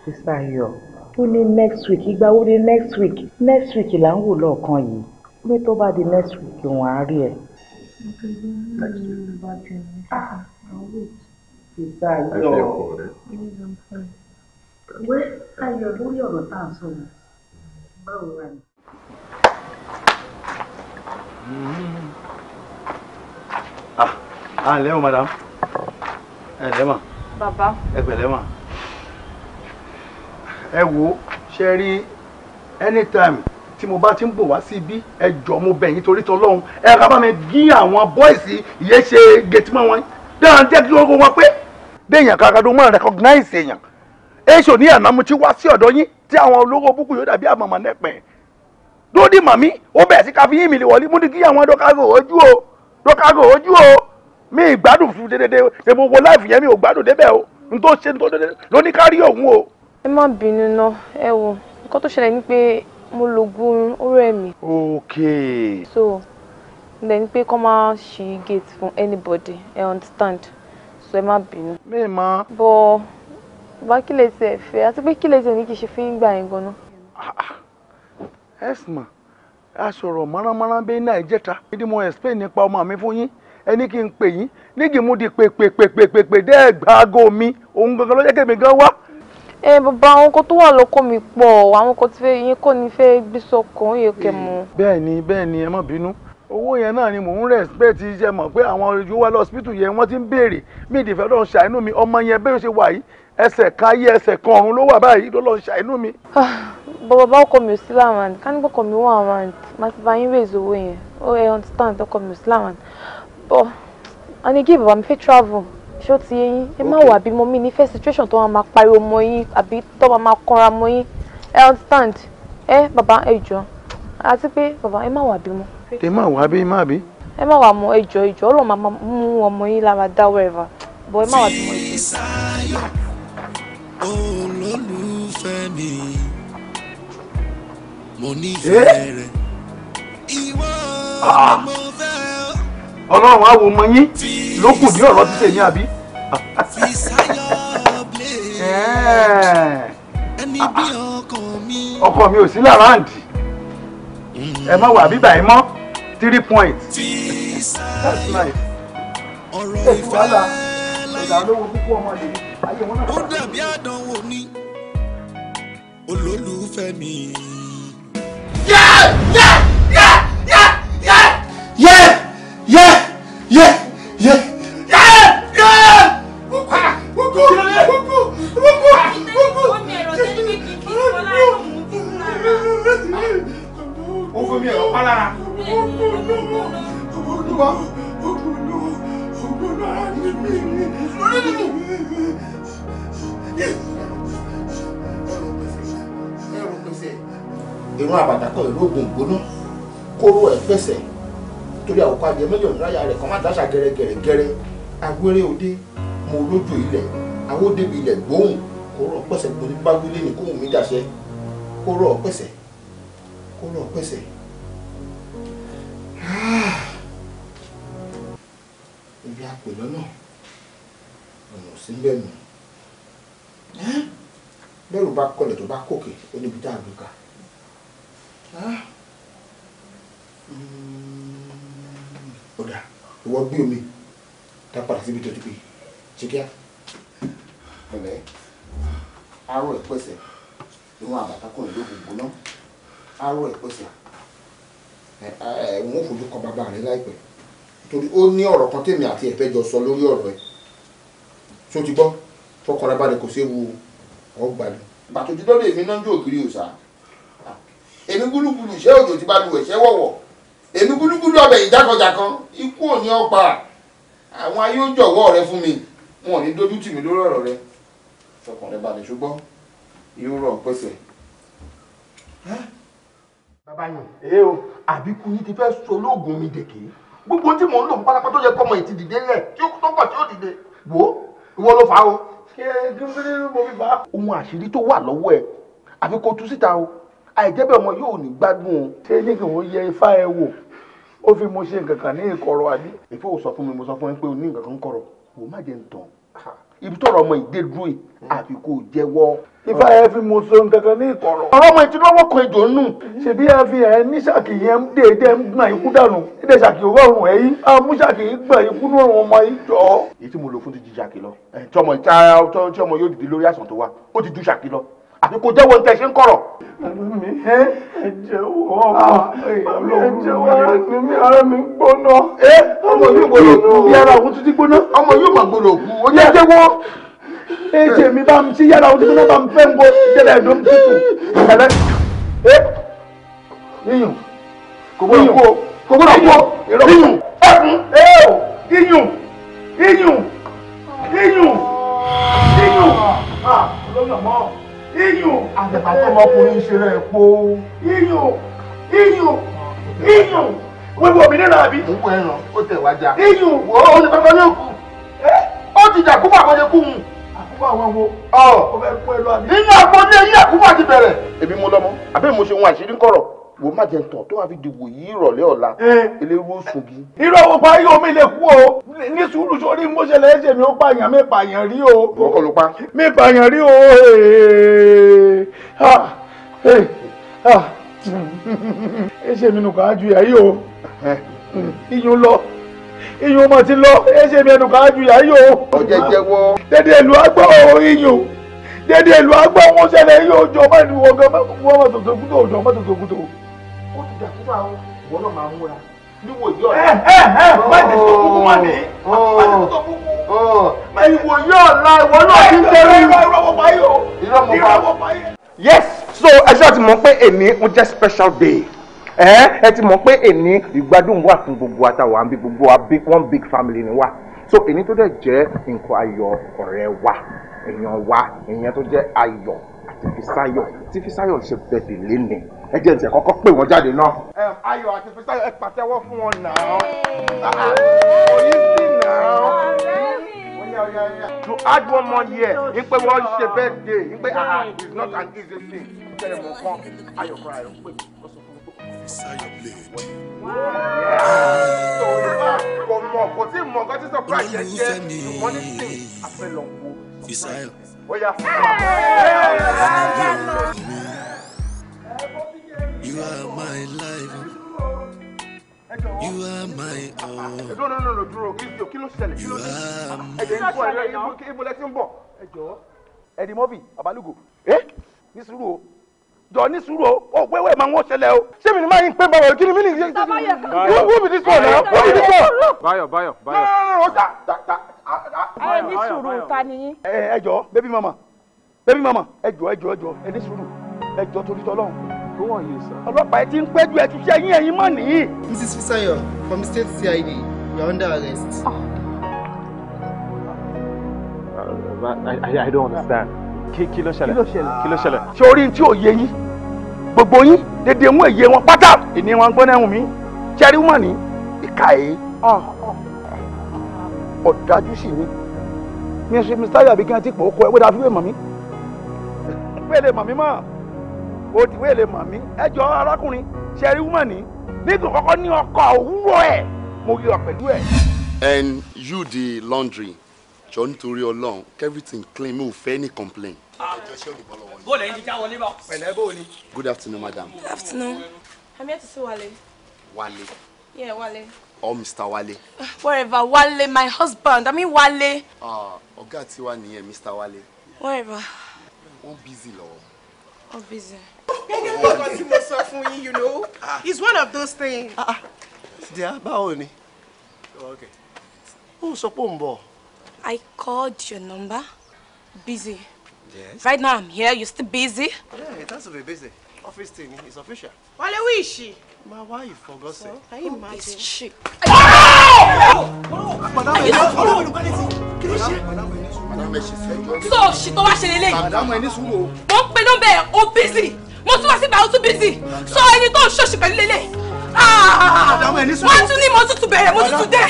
sister here ó ní next week ìgbà wo ni next week next week là ń wò lọ́ọ̀kan yìí pé tó bá di next week wọn á rí ẹ. sísá ayọ̀ wé ayọ̀ lórí ọ̀rọ̀ tá à ń sọ yìí. Mm-hmm. Ah, ah, ní. madam Eh, ǹlẹ́ mà. bàbá ẹ pẹ̀lẹ́ mà. wo ṣe anytime Timo, mo bá ti ń bọ̀ wá sí ibi a little long. bẹ̀ yín torí tọlọ́run ẹ ká bá mi gí àwọn bọ́ìsì ìyẹn ṣe gẹ̀tìmọ́ wọn dáhùn jẹ́ kí wọ́n wá pé déèyàn recognize èèyàn èso ní ànámu tí wá sí ọ̀dọ̀ tí àwọn olówó búkú yóò dàbí àmọ̀mọ̀ nẹ́pẹ̀ dódì màmí ó bẹ̀rẹ̀ sí káfíń ìmìlì wọlé mú ní kí àwọn dọ́kágò ojú o dọ́kágò ojú o mi ìgbádùn fún dédédé ṣe gbogbo láìfù yẹn mi ò gbádùn débẹ̀ o n tó ṣe n tó dédé lóní kárí òun o. ẹ má bínú ná ẹ wo nǹkan tó ṣẹlẹ̀ ni pé mo lo oògùn ọ̀rẹ́ mi. ok. so ǹdẹ̀ ni pé kọ́ máa ṣí gate fún anybody i understand so ẹ má bínú. mi ma. bọ́ọ̀ bá kílẹ̀ tí ẹ fẹ́ àti pé kílẹ̀ tí ẹ ní kì í ṣe fi ń gbà yín gan-an. ẹ̀sìmọ̀ ah, ah. a sọ̀rọ̀ mọ́ránmọ́rán bẹ́ẹ̀ náà ìjẹta ìdí mo explain nípa ọmọ mi fún yín ẹni kí n pè yín nígi mú di pèpèpèpèpè dẹ́ẹ̀gbàgò mi òun gangan ló jẹ́ kí gan wá. ẹ bàbá àwọn kan tó wà lóko mi pọ̀ àwọn kan tí fẹ́ yín kò ní fẹ́ gbé sọkàn yẹ kẹ́ mọ̀. Eh, bẹ́ẹ̀ ni bẹ́ẹ̀ ni ẹ má bínú owó yẹn náà ni mò ń respect iṣẹ́ mọ̀ pé àwọn ojú wa hospital yẹn wọ́n ti ń béèrè mí ìdìfẹ́ lọ́n ṣàánú mi ọmọ yẹn bẹ́ẹ̀ ṣe wà yìí ẹsẹ̀ kan ayé ẹsẹ̀ kan ọ̀run ló wà báyìí ló lọ́ọ́ ṣàìnú mi. bọ̀bọ̀ ah, bá ọkọ mi ò sí làwọn kánípọ̀ ọkọ mi wà wọn máa ti bá yín raise owó yẹn ó ẹ understand ọkọ mi ò sí làwọn bọ̀ anigi bàbá mi fẹ́ travel ṣó ti yé yín ẹ má wà bí mo mi nífẹ̀ẹ́ situation tó máa pariwo mọ́ yín àbí tó máa kanra mọ́ yín ẹ understand ẹ bàbá ẹ jọ àti pé bàbá ẹ má wà bí mo. ẹ má wà bí má bí. ẹ má wà mọ ẹ jọ ẹ jọ Ọlọ́run máa mú ọmọ yín lára dá wẹrẹ bọ ẹ má wà bí olólùfẹ́ mi mo nífẹ̀ẹ́ eh? rẹ ìwọ ah! mo fẹ́ ọ. ọlọ́run á wo ọmọ yín ló kù ní ọ̀rọ̀ títẹ̀ ní àbí. fi sáyọ̀ blade eh. ẹni ah, bí ah. ọkàn mi. ọkọ mi ò sí làráǹdì ẹ má wà bíbà yín mọ́ three points. fi sáyọ̀ ọ̀rọ̀ ìfẹ́ láyé. ọ̀rọ̀ ìfẹ́ láyé. ọ̀dà lówó púpọ̀ ọmọdé ó dàbí àdánwò ni olólùfẹ́ mi. Yeah! yẹ yẹ yẹ yẹ yẹ. jẹ mílíọ̀nù láyà rẹ̀ kọ́ má dáṣà gẹ́rẹ́gẹ́rẹ́ agbére òde mo lójú ilẹ̀ awódébi ilẹ̀ gbóhùn kó rọ̀ pẹ̀sẹ̀ kó ní bá wílé ní kóhùn mi dàṣẹ kó rọ̀ pẹ̀sẹ̀ kó rọ̀ pẹ̀sẹ̀. Ah! ibi àpè lọ́nà ọ̀nà sí bẹ́ẹ̀ nù bẹ́ẹ̀rù bá kọlẹ̀ tó bá kòkè ó níbi tá a gbé ka. Ah! Mm ọ̀dà ìwọ gbé omi dá padà síbi tó ti pè ṣe kíá. pẹ̀lẹ́ aró ìpèsè ìwọn àbàtàkùnrin ló gbogbo náà aró ìpèsè ẹ̀wọ̀n òfojú kan bàbá rẹ láìpẹ́ torí ó ní ọ̀rọ̀ kan tèmi àti ẹ̀fẹ́ jọ sọ lórí ọ̀rọ̀ ẹ̀ tó ti gbọ́ fọkànra kò séwu ọgbàlù. bàtò ti dọ́dọ̀ èmi náà ń jó ògiri òòsà ah, èmi gbúlùgbùlù iṣẹ́ òjò ti bá lu ẹ̀ṣẹ́ wọ̀wọ̀ èmi gúdúgúdú ọbẹ̀ ìjákọjàkan ikú ò ní ọ̀pá àwọn ayé ó jọ̀wọ́ rẹ fún mi wọn ò ní dojú tì mí lórí ọ̀rọ̀ rẹ fọkàn rẹ balẹ̀ ṣùgbọ́n yóò rọ̀ pẹ̀sẹ̀. bàbá yàn èé o àbíkú yìí ti fẹ́ sọ lóògùn mi dèké gbogbo tí mò ń lò pátápátá tó yẹ kọ́mọ yìí ti dìde lẹ̀ tí ó tọ́pọ̀ tí ó dìde wò ó ìwọ ló fà á o. kí ẹ dúpẹ́ mo fi bá. ohun àṣírí tó wà lọ́wọ́ ẹ àfi kó tú síta o àìjẹ́bẹ̀ ọmọ yóò ní gbádùn o. ṣé ní yẹ ifá ẹ wò ó fi mo ṣe nǹkan kan ní ìkọ̀rọ̀ àbí. ìfẹ́ ò sọ fún mi mo sọ fún yín pé o ní nǹkan kan kọ̀rọ̀ wò má jẹ́ ntàn ibi tọrọ ọmọ ìdédúró yìí àfi hmm. kò jẹ́wọ́. ifá ẹ fi mo so nǹkan kan ní ìkọ̀rọ̀. ọ̀rọ̀ ọmọ ìtura wọ́n kan ìjọ nù. ṣebí ẹ fi ẹ ní ṣàkì yẹn ń déédé ń gbọ̀n ikú dànù déédé ṣàkì òwúrọ̀ ẹ yìí àmú ṣàkì yìí gbọ̀n ikú ní ọmọ yìí jọ àbí kò jẹ́wọ́ ní tẹ̀sí ń kọ̀rọ̀. àmì ẹ jẹ́wọ́ ah, ẹ jẹ́wọ́ ara mi ara mi gbóná. ẹ ọmọ yóò gbọ́dọ̀ kú bí ara òun tún ti gbóná ọmọ yóò má gbọ́dọ̀ kú ó yẹ jẹ́wọ́. ẹ jẹ́ mi bá mi sí yàrá òun ti gbóná bá mi fẹ́ ń bọ ìjẹ́lẹ̀ ẹ̀dọ́ mi tutù. ẹ̀lẹ́ ẹ yíyùn kò gbọ́dọ̀ kú kò gbọ́dọ̀ kú yíyùn ẹ̀kún ẹ̀ yíyùn yíyùn yíyùn yíyùn. 啊，我都有猫。Ah, iyùn àtẹ̀bà tó ọmọkùnrin ṣe rẹ̀ po iyùn iyùn iyùn wíwo òmìnira àbí. òun ẹran ó tẹ̀ wájà. iyùn wo olùkọ́kọ́ ló kù ó ti jà kúbà kọ́jẹ́ kú mu. àkúbà wọn wo ọ nínú àpọ́nlé yín àkúbà ti bẹ̀rẹ̀. èmi mo lọ́mọ àbẹ́ mo ṣe ohun àṣírí ń kọ̀rọ̀ wo má jẹ tọ̀ tó wà fi di wòyí ìrọ̀lẹ́ ọ̀la eléwó sungi. irọ́ wo pa yóò mi lè kú o ní sùúrù sórí mo ṣẹlẹ̀ ẹ̀ ṣèmi ó pààyàn mi pààyàn rí o. wọ́n kọ́ ló pa. mi pààyàn rí o. Ah, ah. <laughs> ẹ ṣe mi nùkọ́ á ju ìyá yìí o iyùn lọ iyùn ọmọ ti lọ ẹ ṣe mi nùkọ́ á ju ìyá yìí o. ọjẹ jẹ́wọ́. dédé ìlú àgbọ̀ iyùn dédé ìlú àgbọ̀ wọn yóò jọ ọmọ ìlú ọgọ́ mọ́tòtò kútó ọjọ́ mọ́tòtò kútó ìgbàkúgbà o ìwọ náà máa múra níwò yí ọ̀la. ẹ ẹ ẹ báyìí tó kúkú wà ní báyìí tó kúkú. ìwò yí ọ̀la ìwọ náà ti ń tẹ́lẹ̀. ìrọ̀ wọ pa yìí o. ìrọ̀ wọ pa yìí. yes so ẹ ṣáà ti mọ̀ pé èmi ń jẹ́ special day ẹ ẹ ti mọ̀ pé èmi ìgbádùn wà fún gbogbo àtàwọn àbí gbogbo àbí one big family ni wà so èmi tó dẹ̀ jẹ́ nǹkan ayọ̀ ọ̀rẹ́ wa èèyàn wa èèyàn tó jẹ́ ayọ̀ àti Fisáyọ̀ tí Fisáyọ̀ ṣe bẹ̀dẹ̀ lénìí ẹ jẹ́ ǹtẹ̀ kọ́kọ́ pè wọ́n jáde náà. ẹ ayọ̀ àti fisayọ ẹ pàtẹ́wọ́ fún wọn náà òyìn sí náà. to add one more year ní pé wọ́n ṣe birthday ní pé ah, ah it's not an easy thing kẹ́lẹ́ mọ̀ kán ayọ̀ kọ́ra ayọ̀ pé kó blade. kò mọ̀ You are my own. No, no, no, no, dúró. Kí ló ṣẹlẹ̀? Kí ló ṣẹlẹ̀? Ẹ̀jẹ̀ ń bọ̀ ẹ̀jẹ̀ ń bọ̀ ẹ̀jẹ̀ ń bọ̀ ẹ̀jọ̀. Ẹ̀dì mọ́bì, Babalúgò. Ẹ́ ní sùúrù o. Jọ ní sùúrù o. Ó pé wẹ́ẹ̀ máa ń wọ́n ṣẹlẹ̀ o. Ṣé mi ni máa ń pè bàbá kí ni mí nìyí? Báyọ̀ wọ́n mi ti sọ̀ náà. Wọ́n mi ti sọ̀. Báyọ̀ Báyọ̀ Báyọ̀. Ẹ ní sùúrù ta nìyí. Ẹ ẹ̀jọ̀ bébí mama bébí mama ẹ̀jọ̀ ẹ̀jọ̀ ẹ̀jọ̀ ẹ ní sùúrù ẹ̀jọ̀ torítọ́ lọ́hùn tó wọ̀nyí sọ. ọlọ́pàá ẹ ti ń péjú ẹ ti ṣe yín ẹ̀yin mọ̀ nìyí. Mrs. Fisayo from state CID you are under arrest. Ah. Uh, I, I, don't understand. Kí kí ló ṣẹlẹ̀? Kí ló ṣẹlẹ̀? Ah. Ṣé orí tí ò yé yín? Gbogbo yín dédé mú èyí wọn pátá. Ìní wọn gbọ́n ẹ̀hún mi. Ṣẹ́rí mọ̀ ní ìka èyí. Ah. Ọ̀dájú sì ni. Mi ṣe Mr. Yabi kí n ti pò ó kọ ẹ, wé dàbí wé mọ̀ mí. Wé lè mọ̀ mí mọ́ òdìwé lè mọ̀ mí ẹjọ́ arákùnrin ṣẹ́rí wúmọ̀ ní nígbà kọ́kọ́ ní ọkọ̀ òwúrọ̀ ẹ̀ mo yọ pẹ̀lú ẹ̀. and you the laundry jọ nítorí Ọlọ́run everything clean mi ò fẹ́ ní complain. bó lẹ́yìn ti já wọlé bá. pẹ̀lẹ́ bó good afternoon madam. good afternoon i'm here to see Wale. Wale. yeah Wale. or Mr. Wale. wherever Wale my husband i mean Wale. Ah, ọ̀gá tiwa nìyẹn Mr. Wale. wherever. wọ́n busy lọ. wọ́n busy gẹ́gẹ́ bí nǹkan tí mo sọ fún yín you know ah. it's one of those things. di ah, abáwo ah. ni ó sọ pé ó ń bọ̀. I called your number busy. Yes. Right now I'm here, You still busy? Yeah, it has to be busy. Office thing is official. Wale, who is she? My wife, for God's sake. Can you imagine? Is she? So, she told us she didn't. Madame, I need to know. Don't be no bear, oh, busy mo tún wá síbi àwọn tún bísí sọ ẹni tó ń ṣọ́ọ̀ṣì pẹ̀lú lélẹ̀ wọ́n tún ní mo tún tún bẹ̀rẹ̀ mo tún tún dẹ̀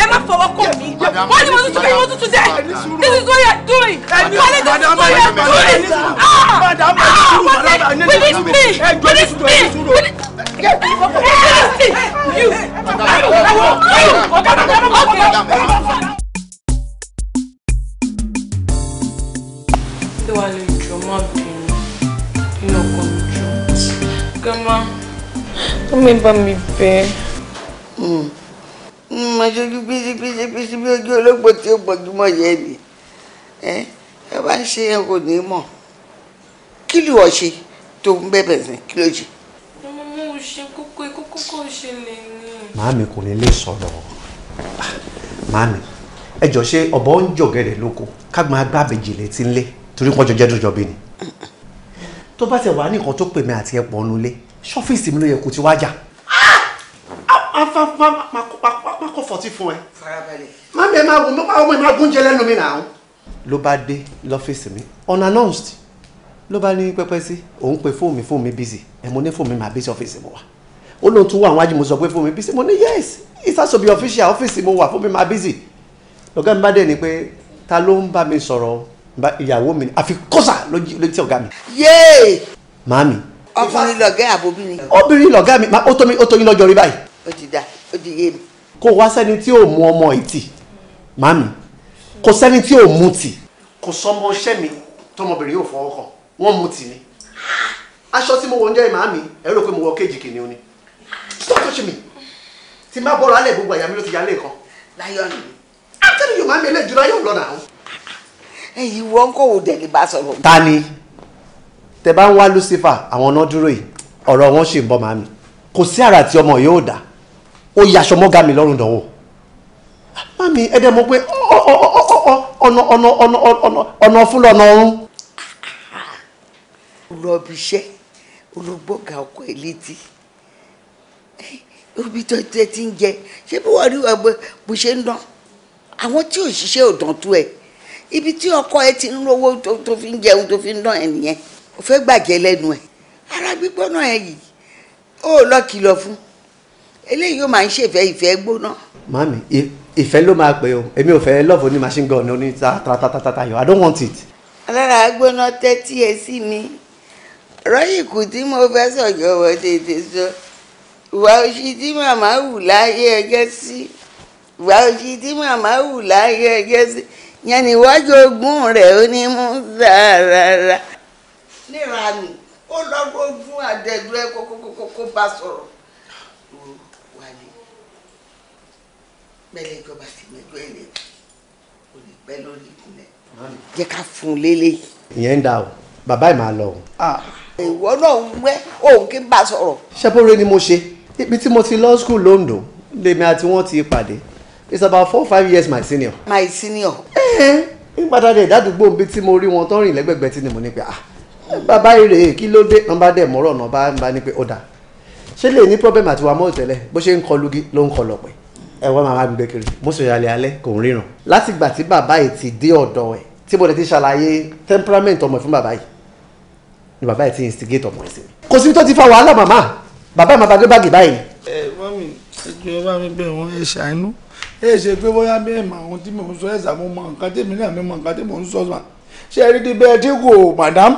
ẹ má fọwọ́ kọ mi wọ́n ní mo tún tún bẹ̀rẹ̀ mo tún tún dẹ̀ this is what you are doing wọ́n ní this is what you are doing ah ah we need me we need me. bá mi bẹ́ẹ̀. Hmm. mo ṣojú bísíbísíbísí bí ojú olóògbé tí ó gbọ́dúmọ̀ yẹ ni ẹ bá ń ṣe ẹ kò ní mọ̀ kí ló wọ́n ṣe tó ń bẹ̀bẹ̀ sí kí ló ṣe. mo mú un ṣe kókó kókó kó ṣe lè ní. màámi kò ní lè sọ̀rọ̀ ah, màámi ẹ jọ ṣe ọ̀bọ ń jọ̀gẹ̀rẹ̀ lóko kágbọn agbábejì lè ti ń lé torí wọn jọ jẹ́ dùjọbí ni tó bá ti wà ní nǹkan tó pè mí àti ẹ̀pọ̀ ọ̀nulẹ̀ ṣọ́fíìsì mi ló yẹ kó ti wájà afáfá má kọ́ fọ́tí fún ẹ. farabalẹ̀. má bẹ máa wò má ọmọ ẹ máa gúnjẹ lẹ́nu mi nà. ló bá dé lọ́fíìsì mi unannounced ló bá ní pẹ́pẹ́ sí òun pe fóònù mi fóònù mi busy ẹ̀ mo ní fóònù mi máa busy ọ́fíìsì mo wà ó lóun tún wà àwọn ajínigbò sọ pé fóònù mi busy mo ní yes it's also be official ọ́fíìsì mo wà fóònù mi máa busy lọ́gá mi bá dẹ̀ ni pé ta ló ń bá mi sọ̀rọ̀ ìyàwó mi àfi kọ́sà ló ti ọ̀gá mi. yéé. màámi. ọkùnrin lọ̀gá àbóbìnrin. obìnrin lọ̀gá mi ó tó mi ó tó yín lọ́jọ́ rí báyìí ó ti dà ó ti yé mi. kò wá sẹ́ni tí ò mú ọmọ ìtì màmí kò sẹ́ni tí ò mú tì. kò sọmọ iṣẹ́ mi tọmọbìnrin yóò fọwọ́ kàn wọ́n mú tì ni aṣọ tí mo wọ ń màmí ẹ rò pé mo wọ kéèjì kìnìún ni stop touching me tí n bá bọ́ọ̀rọ̀ alẹ́ gbogbo àyà mi ló ti yálé kan. láyọ̀ ni. I'm telling you màmí eléjìlá yóò lọ nàá. ẹyin wọn kò wò dẹ̀lẹ̀ bá sọ̀rọ̀. ta ni tẹ bá ń wá Lucifer àwọn ọ̀nà dúró yìí ọ̀rọ̀ wọn ṣì ń bọ̀ màmí kò sí àrà tí ọmọ yóò dá ó yaṣọ mọ́gà mi lọ́rùn dánwò mami ẹ dẹ̀ mọ̀ pé ọ̀nà ọ̀nà ọ̀nà ọ̀nà ọ̀nà fúnlọ̀ ọ̀nà ọ̀run. rọbì iṣẹ́ olùgbọ́gà ọkọ̀ ẹ̀ létí obi tó tẹ ti ń jẹ ṣé bí wọ́n rí ọgbẹ́ bó ṣe ń dán àwọn tí ò ṣiṣẹ́ ò dán tó ẹ̀ ibi tí ọkọ ẹ ti ń rówó tó fi ń jẹun tó fi ń dán ẹ nìyẹn ò fẹ́ gbàjẹ́ lẹ́nu ẹ̀ ara gbígbóná ẹ yìí ó lọ kìlọ̀ fún eléyìí yóò máa ń ṣèfẹ́ ìfẹ́ gbóná. mami ìfẹ́ ló máa pè o èmi ò fẹ́ love ní machine gun ta ta ta ta ta yọ i don't want it. alára gbóná tẹ́tí ẹ sí mi rọ́yìnkù tí mo fẹ́ sọ̀jọ̀ wọ tètè sọ ìwà òṣì tí màmá wù láyé ẹgẹ́ sí ìwà òṣì tí màmá wù láyé ẹgẹ́ sí yẹn ni ìwájú ogún rẹ̀ ó ní mú rárá. níranù ó lọ gbógun àdẹ̀dù ẹ kókókókó bá sọ̀rọ̀. pẹ́ lẹ́jọba sí lẹ́jọ́ èrè kò lè pẹ́ lórí ìkúnlẹ̀ jẹ́ ká fún un lélẹ̀. ìyẹn ń da o bàbá ẹ̀ máa lọ o. ìwọ náà ń wẹ́ òun kí n bá sọ̀rọ̀. ṣẹ́pọ̀rẹ́ ni mo ṣe ibi tí mo ti lọ school londo lèmi àti wọn ti pàdé it's about four five years my senior. my senior. nígbàdàn dẹ̀ ìdádùgbò nbí tí mo rí wọn tán rìn lẹ́gbẹ̀gbẹ́ tí ni mo ní pé ah bàbá ire kí ló dé nọ́mbà dẹ̀ mọ́rọ̀ nọ́mbà nbà ní pé ó dà ṣé lè ní problem àti wàá mọ́ ìtẹ́lẹ̀ bó ṣe ń kọ lugi ló ń kọ lọ́pẹ́ ẹ wọ́n máa wá gbé kiri bó ṣe yàlẹ̀ alẹ́ kò ń ríran. látìgbà tí bàbá yìí ti dé ọ̀dọ̀ ẹ̀ tí mo lè ti ṣàlàyé temperament ọmọ fún bàbá yìí ni bàbá yìí ti instigate ọmọ ẹ̀ sí. kò síbi tó ti fa wàhálà màmá bàbá yìí máa bá gbé báàgì báyìí. ẹ wọ́n mi ẹjọ́ ẹ bá mi bẹ̀ wọ́n ẹ ṣàánú ẹ ṣe pé bóyá bẹ́ẹ̀ mà ohun tí mò ń sọ ẹ̀ sàmúmọ̀ nǹkan tèmi náà mi mọ̀ nǹkan tí mò ń sọ sàn ṣé ẹ rí di bẹ́ẹ̀ tí kò madam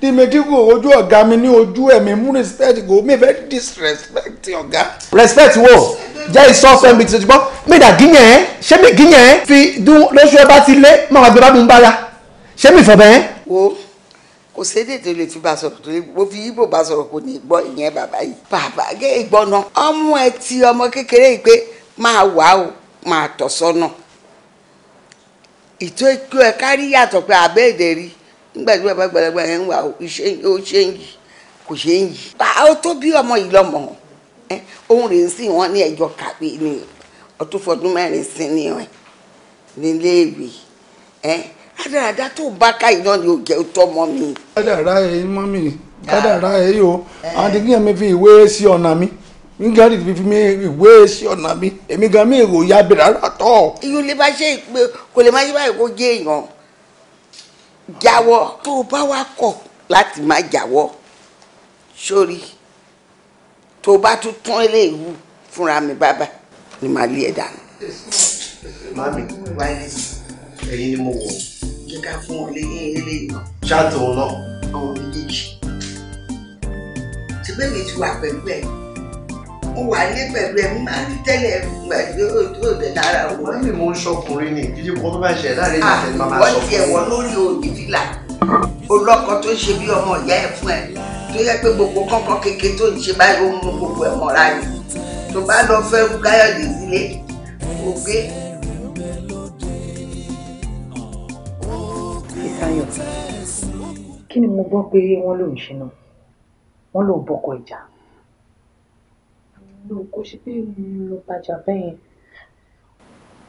di medigo ojú ọ̀gá mi ní ojú ẹ̀mí mú respect go mi fẹ́ disrespect ọ̀gá. respect wo jẹ́ ìsọ fẹ́ mi ti ṣe gbọ́ mi dà gíyàn ẹ́ ṣé mi gíyàn ẹ́ fi dún lóṣù ẹ bá ti lé máa wà gbé bá mi ń bára ṣé mi fọ̀ bẹ́ẹ̀. wo kò sédè tó lè fi bá sọ̀rọ̀ tó lè mo fi ibo bá sọ̀rọ̀ kò ní gbọ́ ìyẹn bàbá yìí. bàbá gé ìgbọ́nà ọmú ẹ ti ọmọ kékeré yìí pé máa wà ó máa tọ̀ sọ́nà ìtó ẹ kárí pé àbẹ́ ìdẹ́rìí nígbà tí bàbá àgbàlagbà yẹn ń wà ó ṣe ń yí kò ṣe ń yí. ó tó bí ọmọ yìí lọ́mọ ohun rèé sí wọn ní ẹjọ́ kàwé ni ọtún fọdún mẹ́rin sí ni ẹ níléèwé ẹ adáradá tó bá káyìí náà ni ó jẹ ọtọ mọ mi. kádàrá ẹ mọ mi kádàrá ẹ yìí o àti kí ẹ̀mí fi ìwé sí ọ̀nà mi nígbàdí fi fi mi ìwé sí ọ̀nà mi èmi gan mi èrò ya bẹ̀rẹ̀ rà tọ̀. ìyóò lè má ṣe ìpè kò lè má ṣe báyìí kó jẹ́ èèyàn jáwọ́ tó o bá wá kọ̀ láti má jáwọ́ sórí tó o bá tún tán eléyìí fúnra mi bàbá ni màá lé ẹ dànù. mami wáyé ẹyin ni mo wọ. jẹ ká fún ọ lẹ́yìn eléyìí náà. ṣáàtò náà. àwọn méjèèjì. tìbẹ́ mi ti wà pẹ̀lú ẹ̀ mo wà ní pẹ̀lú ẹ̀ má rí tẹ́lẹ̀ gbàgbé òde lára wọn. wọ́n ní mo ń ṣọkùnrin ni kí ló kọ́ tó bá ṣẹ̀ láàrin ìgbà tẹ̀lé máa ṣọkùnrin. Ah, wọ́n ti ẹ̀wọ̀n lórí òní fìlà olọ́kọ tó ṣe bí ọmọ ìyá ẹ̀ fún ẹ tó yẹ pé gbogbo kọ́kọ́ kékeré tó ń ṣe báyìí ó ń mú gbogbo ẹ̀ mọ́ra ni tó bá lọ fẹ́ káyọ̀dé sílé ògbé. ìtayọ̀ kí ni mo gbọ́ pé wọ́n lòún ṣe náà wọ́n lòún bọ́kọ ìjà lò kó ṣe pé mo lọ bàjá bẹ́yẹn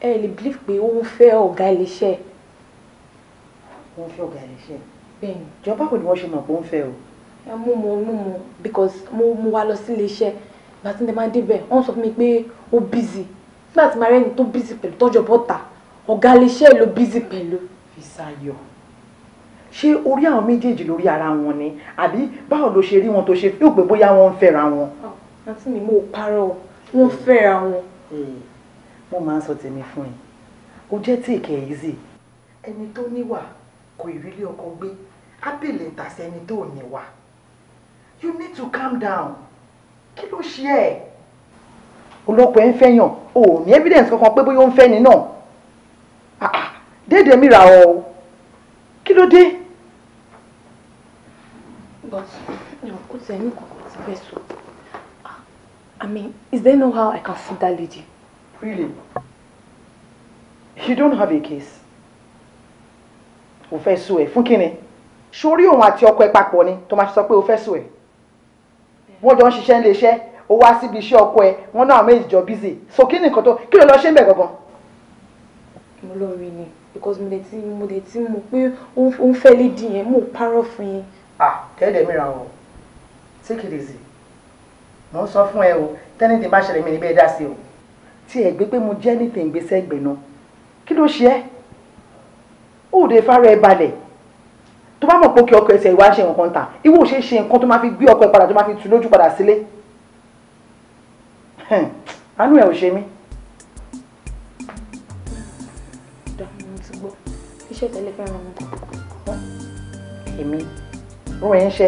ẹ lè believe pé ó ń fẹ́ ọ̀gá iléeṣẹ́. wọ́n fẹ́ ọ̀gá iléeṣẹ́. bẹ́ẹ̀ni. ìjọba kò ní wọ́n ṣe mọ̀ pé ó ń fẹ́ o. ẹ mú mo mú mo because mo mú wa lọ sí iléeṣẹ́ ìgbà tí mo máa débẹ̀ wọ́n sọ fún mi pé ó bízì nígbà tí mo rẹ́ni tó bízì pẹ̀lú tọ́jọ́ bọ́ta ọ̀gá iléeṣẹ́ ló bízì pẹ̀lú. Fìsáyọ̀ ṣé orí àwọn méjèèjì lórí ara wọn ni àbí báwo ló ṣe rí wọn tó ṣe fí òpè bóyá wọn ń fẹ́ra wọn. Ah àǹtí mi mo parọ́ wọ́n fẹ́ra wọn. Hmm. mo máa ń sọ tèmi fún yín o jẹ́ tí ìkẹ́ yìí sì ẹni tó níwà kò ìrírí ọkọ gbé ábìlẹ̀ tàṣẹ ẹni tó níwà you need to calm down kí ló ṣe ẹ́ ọlọ́pàá ẹ̀ ń fẹ́yàn ò ní evidence kankan pé bóyá ó ń fẹ́ ni náà ah, ah. déédéé mi ra ọ kí ló dé. but ó tẹ̀ ní kòkó fẹ́ sọ. I mean, is there no how I can see that lady? Really? You don't have a case. O fẹ́ sùn ẹ̀ fún kíni? Sórí òun àti ọkọ ẹ̀ papọ̀ ni tó máa sọ pé o fẹ́ sùn ẹ̀. Wọ́n jọ ń ṣiṣẹ́ nílé iṣẹ́, o wá síbi iṣẹ́ ọkọ ẹ̀, wọ́n náà méjì So kí ni nǹkan tó kí ló lọ ṣe ń bẹ̀ gangan? Mo lọ rí ni because mo lè ti mo lè ti mọ̀ pé ó ń fẹ́ lédi yẹn, mo parọ́ fún yín. Ah, kẹ́ẹ̀dẹ̀ mìíràn o, take it easy mo ń sọ fún ẹ o tẹ́nìtì bá ṣẹlẹ̀ mi níbẹ̀ dá sí o tí ẹ gbé pé mo jẹ́ ní tèǹgbésẹ́ ẹgbẹ̀ náà kí ló ṣe ẹ́ ó ò dé fara ẹ balẹ̀ tó bá mọ̀ pé kí ọkọ ẹsẹ̀ ìwà ṣe nǹkan tà ìwọ ò ṣe ṣe nǹkan tó máa fi gbé ọkọ ẹ padà tó máa fi tu lójú padà sílé àánú ẹ ò ṣe mí. iṣẹ́ tẹ́lẹ̀ fẹ́ràn mi. èmi rún ẹ̀ ń ṣe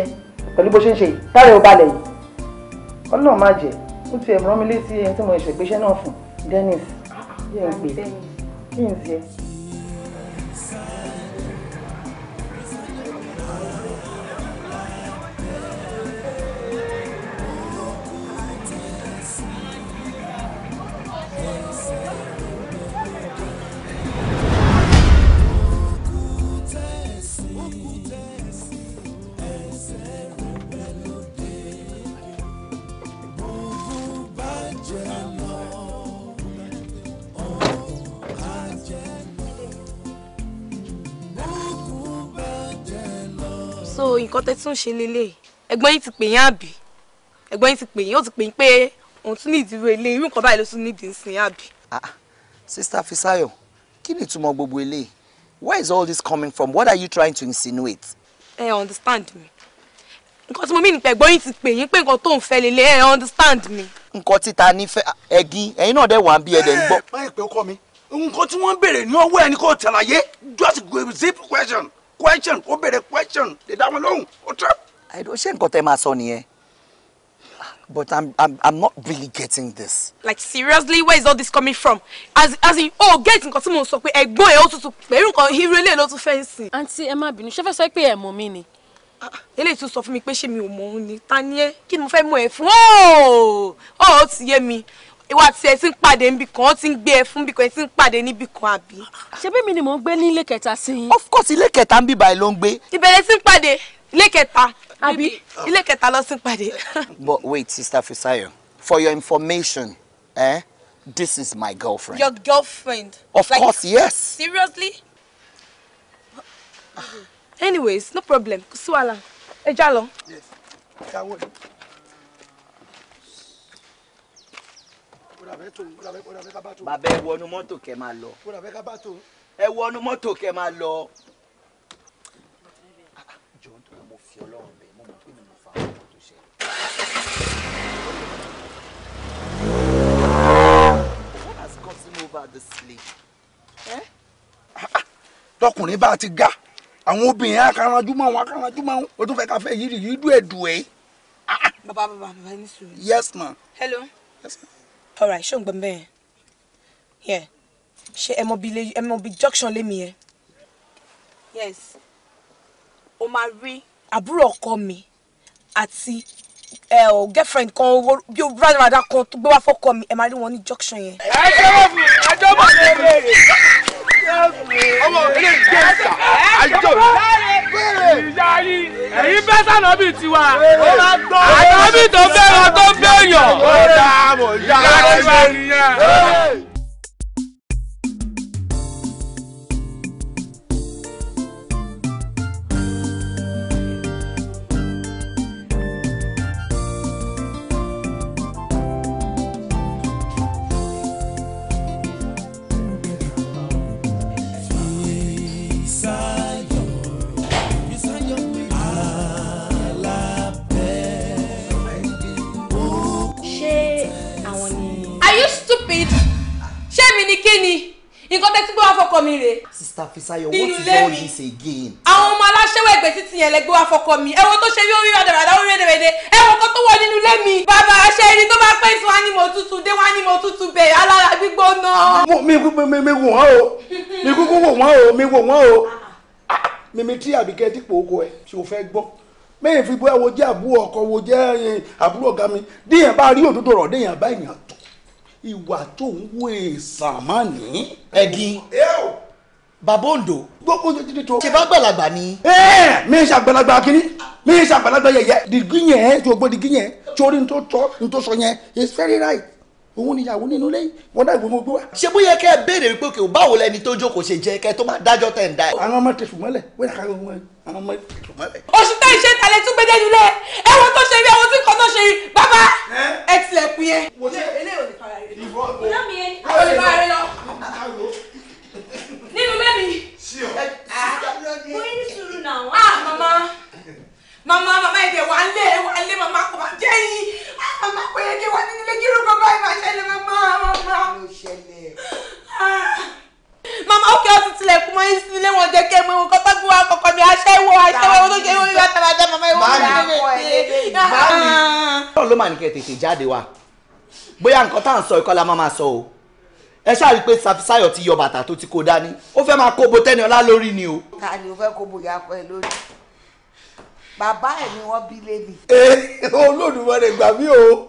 pẹ̀lú bó ṣe ń ṣe yìí táyà ò balẹ̀ yìí ọlọ́run má jẹ́ ó ti ẹ̀mọ́ mi létí ẹni tí mo ṣègbéṣẹ́ náà fún Dennis ah, yẹn ń ah, pè kí n tiẹ̀. nǹkan tẹ́ tún ṣe lélẹ̀ ẹ̀gbọ́n yín ti pè yín àbí ẹ̀gbọ́n yín ti pè yín ó ti pè yín pé òun tún ní ìdúró ilé irú nǹkan báyìí ló tún nídìí ń sìn àbí. sista Fisayo kí ni ìtumọ̀ gbogbo eléyìí where is all this coming from what are you trying to insinuate. ẹ hey, understand me nǹkan tí mo mí ní pé ẹ̀gbọ́n yín ti pè yín pé nǹkan tó ń fẹ́ lélẹ̀ ẹ understand me. nǹkan tí ta ní fẹ́ ẹ̀gín ẹ̀yin náà dẹ̀ wà ń bí ẹ̀dẹ̀ ń gbọ́. báyìí pé ó kọ́ mi nǹkan tí wọ́n ń béèrè ní ọwọ́ question question ó béèrè question lè dá wọn lóhùn ó tẹ́. àìdó ṣé nǹkan tẹ́ máa sọ nìyẹn but I'm, I'm i'm not really getting this. like seriously where is all this coming from as as in oh get nǹkan tí mo sọ pé ẹ̀gbọ́n ẹ̀ ó tutù pẹ̀lú nǹkan hero ilé ló tún fẹ́ ń sìn. àǹtí ẹ má bínú ṣé fẹ́ sọ pé ẹ̀ mọ̀ mí ni. Ah, ah, eléyìí tún sọ fún mi pé ṣé mi ò mọ̀ òun ni ta ni ẹ kí ni mo fẹ́ mọ̀ ẹ fún ọ́ ọ́ ti yé mi ìwà tí ẹ ti ń pàdé níbì kan ó ti ń gbé ẹ fún bìkan ẹ ti ń pàdé níbì kan àbí. ṣebí mi ni mò ń gbé ní ilé kẹta sí i. of course ilé kẹta ń bí báyìí ló ń gbé. ìbẹ̀rẹ̀ ti ń pàdé ilé kẹta àbí ilé kẹta ló ti ń pàdé. but wait sister Fisayo for your information eh, this is my girlfriend. your girlfriend. of like, course yes. seriously. anyways no problem kò sí wàhálà ẹ já lọ. yes. bàbá ẹ wọnú mọ́tò kẹ máa lọ ẹ wọnú mọ́tò kẹ máa lọ. jọ̀ọ́ tó mo fi ọlọ́run bẹ̀ mo mọ̀ tọkùnrin bá ti ga àwọn obìnrin akaranjú mọ àwọn akaranjú mọ o tún fẹ́ ká fẹ́ yìí yìí dùn ẹdùn ẹ. bàbá bàbá bàbá ní sùúrù. yes ma. hello. yes ma alright ṣé ò ń gbọ́ she yẹn ṣe ẹmọbi junction lémi me. yes o Marie, rí. àbúrò ọkọ mi àti ẹ ọ girlfriend kan bí o rádaràda kan tó gbé wá call me. ẹ máa rí wọn ní junction yẹn. I don't know. mi ẹ jọ́wọ́ ọmọ ilé ìgbé ìsà àjọ ìyá yìí ẹ̀yin fẹ́ sànà bíi tiwa àyàbí tó fẹ́ràn tó fẹ́yàn ìyá rẹ̀ ṣe nìyẹn. fọ́kọ mi rè. sister Fisayo what is all this again. àwọn ọmọ aláṣẹwọ ẹgbẹ títí yẹn lẹgbẹ wá fọ́kọ mi ẹwọn tó ṣe bí orí ọdọ ràdà orí rẹdẹrẹdẹ ẹwọn kan tó wọ nínú ilé mi. bàbá aṣẹ ẹni tó bá pẹ́ sùn wá ní mo tútù dé wá ní mo tútù bẹ̀ alára gbígbóná. mi mi mi wò wọ́n o mi kúkú wò wọ́n o mi wò wọ́n o mímí tí àbíkẹ́ dípò oko ẹ̀ tí o fẹ́ gbọ́ mẹ́yìn fi bọ́ ẹ wo jẹ́ àbúrò ọkọ wo jẹ́ àbúrò ọ̀gá mi déèyàn bá rí òdodo rọ̀ déèyàn bá èèyàn tó ìwà tó ń wé sàmánì. ẹ̀gín bàbá Ondo gbogbo ojútùú tó. ṣe bá gbàlagbà ni. ẹ mi ń ṣàgbàlagbà kínní mi ń ṣàgbàlagbà yẹyẹ. dìgí yẹn tó gbó dìgí yẹn torí n tó tọ n tó sọ yẹn It's very right òun níyàwó nínú lẹ́yìn wọn dá ìwé mo gbé wa. ṣé bóyá kẹ́ ẹ béèrè wípé kò báwo lẹni tó jókòó ṣe jẹ́ kẹ́ tó máa dájọ́ tẹ̀ ń dá ẹ̀. àwọn ọmọ tẹsùn mọ́lẹ̀ wẹ́n ká ló wọ́n àwọn ọmọ tẹsùn mọ́lẹ̀. oṣù tá ìṣe tàlẹ́ tún gbé dénú lẹ ẹ̀wọ̀n tó ṣe rí ẹ̀wọ̀n tí nǹkan tó ṣe rí bàbá ẹ tilẹ̀kùn yẹn. wo ṣe eléyìí ò lè fara rẹ lọ. ìwọ nínú mẹ́mi. sí ọ. Ah, mo ní sùúrù náà wọ́n. ah mama mama mama èdè wà á lé wà á lé mama kò bá jẹ́ yìí ah, mama kò yẹ kí wà nínú ilé kí irú bàbá yìí máa ṣẹlẹ̀ mama mama. ló ṣẹlẹ̀. Ah, mama ó kí ọtí tilẹ̀kùn mọ́ yín sílé wọn jẹ́ kí ẹ mọ ohun kọ́tà gbé wa kọ̀kọ́ mi aṣẹ́wó aṣẹ́wó tó ṣe é wọ́n yóò tàbátà mama ìwọ́n mi. báyìí báyìí. báwo ló máa ní kẹ́ tètè jáde wa bóyá nǹkan tá à ń sọ ìkọlá máa máa sọ o ẹ ṣáà rí i pé Safisayo ti yọ bàtà tó ti kó dání ó fẹ́ máa kóbo Tẹ́niọlá lórí ni o. ta ni o fẹ́ kóbo ìyá pẹ́ lórí bàbá ẹ̀ ni wọ́n bí lébi. ee Olódùmarè gbà mí o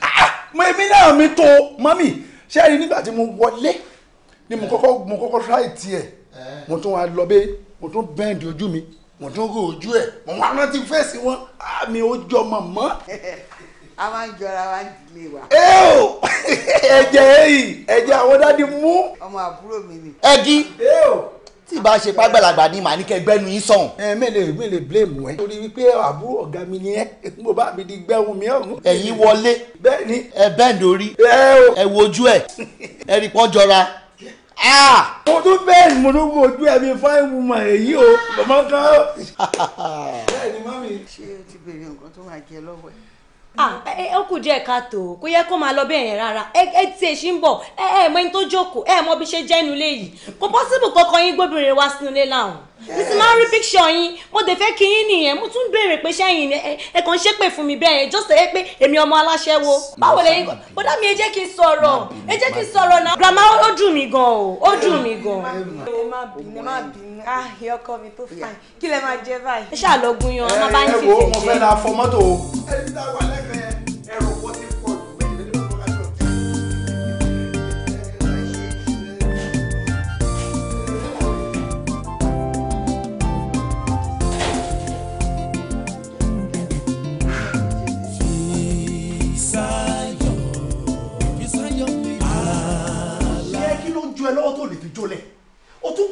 ah, mo èmi náà mi tó mọ́mì ṣé ẹ rí nígbà tí mo wọlé ni mo kọ́kọ́ mo kọ́kọ́ ṣáì tiẹ̀ mo tún wá lọ bẹ́ẹ̀ mo tún bẹ́ẹ̀ndì ojú mi mo tún rò ojú ẹ̀ mo wá rántí fèsì wọn àmì ah, ó jọ mọ́. <laughs> a máa ń jọra wa ń dilé wa. ẹ̀jẹ̀ èyí ẹ̀jẹ̀ àwọn dádì mú. ọmọ àbúrò mi ni. ẹ̀gí tí ìbá ṣe pàgbàlagbà ni màá ní kẹ gbẹnu yín sọhùn. ẹ mẹ́lẹ̀ mẹ́lẹ̀ blame ẹ. torí wípé àbúrò ọ̀gá mi ni ẹ <laughs> mo bá mi di gbẹ̀hùn mi ọ̀hún. ẹ̀yin wọlé. bẹ́ẹ̀ni. ẹ bẹ́ẹ̀ lórí. ẹ wojú ẹ <laughs> ẹ rí pọ́jọra ah! mo tún bẹ́ẹ̀ ni mo tún wo ojú ẹ̀mí fáìn woman èyí o màmá kan. <laughs> bẹ́ẹ̀ ni mami. ṣé o ti béèrè nǹkan tó máa jẹ lọ́wọ́ ẹ̀ ó kù díẹ̀ káàtó kò yẹ kó máa lọ bẹ́ẹ̀ yẹn rárá ẹ ti èsì ń bọ̀ ẹ ẹ mọ ẹni tó jókòó ẹ mọ bí ṣe jẹ́ inú ilé yìí kò pọ́sibù kankan yín gbóbìnrin wá sínú ilé láwọn mo ti máa ń rí picture yín mo dẹ̀ fẹ́ kí yín nìyẹn mo tún béèrè pé sẹ́yìn ẹ kàn ń ṣépè fún mi bẹ́ẹ̀ yẹn jọ́sẹ̀ ẹ pé èmi ọmọ aláṣẹ́wó báwo lẹ́yìn kó dá mi ẹ jẹ́ kí n sọ̀rọ̀ ẹ jẹ́ kí n sọ̀rọ̀ náà grandma ó dùn mí gan o ó dùn mí gan. ẹ má bínú ẹ má bínú ah ìyá ọkọ mi tó fà kí lẹ máa jẹ báyìí. ẹ ṣáà lọ gúnyán ọmọ bá ń fi ìdílé. ẹ wo mo fẹ́ la fọ mọ́tò. ẹ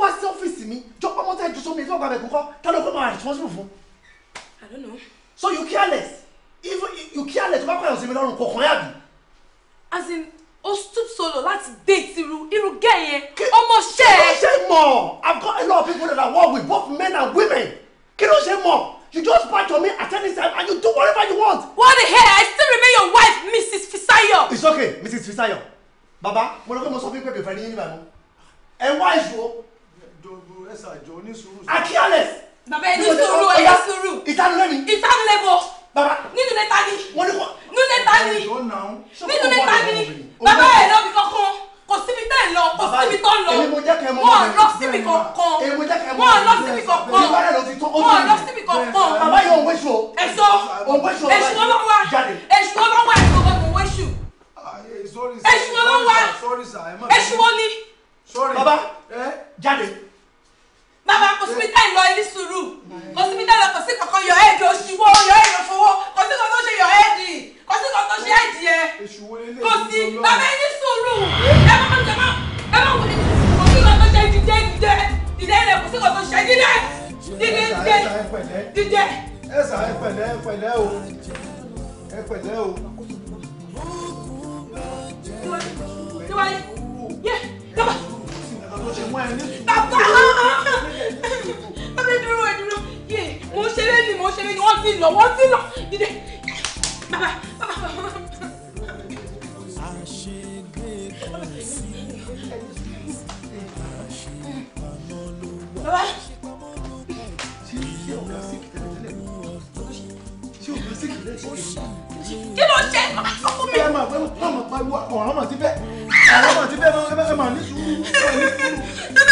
wá sí ọ́fíìsì mi jọ ọmọ tẹ́ ju sómi ìfẹ́ ọgbà bẹ̀kú kọ́ ta ló kó máa responsible fún. I don't know. so you careless even you careless tó bá pààyàn sí mi lọ́rùn kò kàn yà bí. as in o stoop so láti date irú irú gẹ́ yẹn ọmọọṣẹ́ ẹ. kí ló ṣe mọ̀ I've got a lot of people that I work with both men and women kí ló ṣe mọ̀ you just patch on me at any time and you do whatever you want. what the hell I still remain your wife Mrs. Fisayo. it's okay Mrs. Fisayo baba mo lọ pé mo sọ fún pé bẹ̀rẹ̀ ní yín nígbà mú ẹ wá ìṣòro jọ̀gbọ̀n ẹ ṣàjọ onísùúrù. akíálẹ̀. bàbá ẹni sùúrù ẹni sùúrù. ìtanulẹ̀ mi. ìtanulẹ̀ bọ̀. bàbá. nínú ilé ta ni. wọ́n ní wọ́n. nínú ilé ta ni. nínú ilé ta ni. bàbá ẹ̀ lọ́bi kankan kò síbi tẹ́ ẹ̀ lọ kò síbi tọ́ lọ. wọ́n lọ síbi kankan. wọ́n lọ síbi kankan. wọ́n lọ síbi kankan. bàbá yóò wéṣù o. èso èso ọlọ́wà èso ọlọ́wà èso ọgbọ̀n wéṣù. èso ọlọ́wà èso wọn ni. bàbá eh? jáde bàbá kò síbi tá ìlọ ilé sùúrù kò síbi tá ìlọ kò sí kankan yọ ẹ̀dì oṣùwọ́ yọ ẹ̀dì òfowó kò sí kan tó ṣe yọ ẹ̀dì kò sí kan tó ṣe ẹ̀dì ẹ̀ kò sí bàbá ilé sùúrù ẹ má jẹ má ẹ má wọlé kò sí kan tó ṣe dídé dídé dídé rẹ kò sí kan tó ṣe dídé dídé dídé dídé. ẹ sà ẹ pẹ̀lẹ́ ẹ pẹ̀lẹ́ o ẹ pẹ̀lẹ́ o. tiwari tiwari yẹ dábàá bàbá bàbá dúró ẹ dúró yé mo ń ṣeré ni mo ń ṣeré ni wọ́n ti lọ wọ́n ti lọ dídé bàbá bàbá bàbá. bàbá. kí ló ṣe é máa sọ fún mi. ẹ máa pariwo ọ̀rọ̀ mà ti bẹ́ẹ̀ àwọn ọmọ àti bẹ́ẹ̀ máa ń ní sùúrù.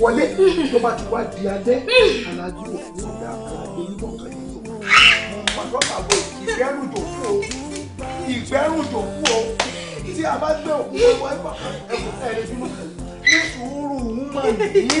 wọlé tó bá ti wá di alẹ́ alájú òkú ìdá àlàyé yíwọ̀ kan yíyọ̀ mo mọ lọ́pàá wo ìgbẹ́rùjò fún o ìgbẹ́rùjò fún o tí a bá gbé òkú wọn wá ẹ̀kọ́ ẹ̀rẹ́ bínú ní sùúrù ń nìyí.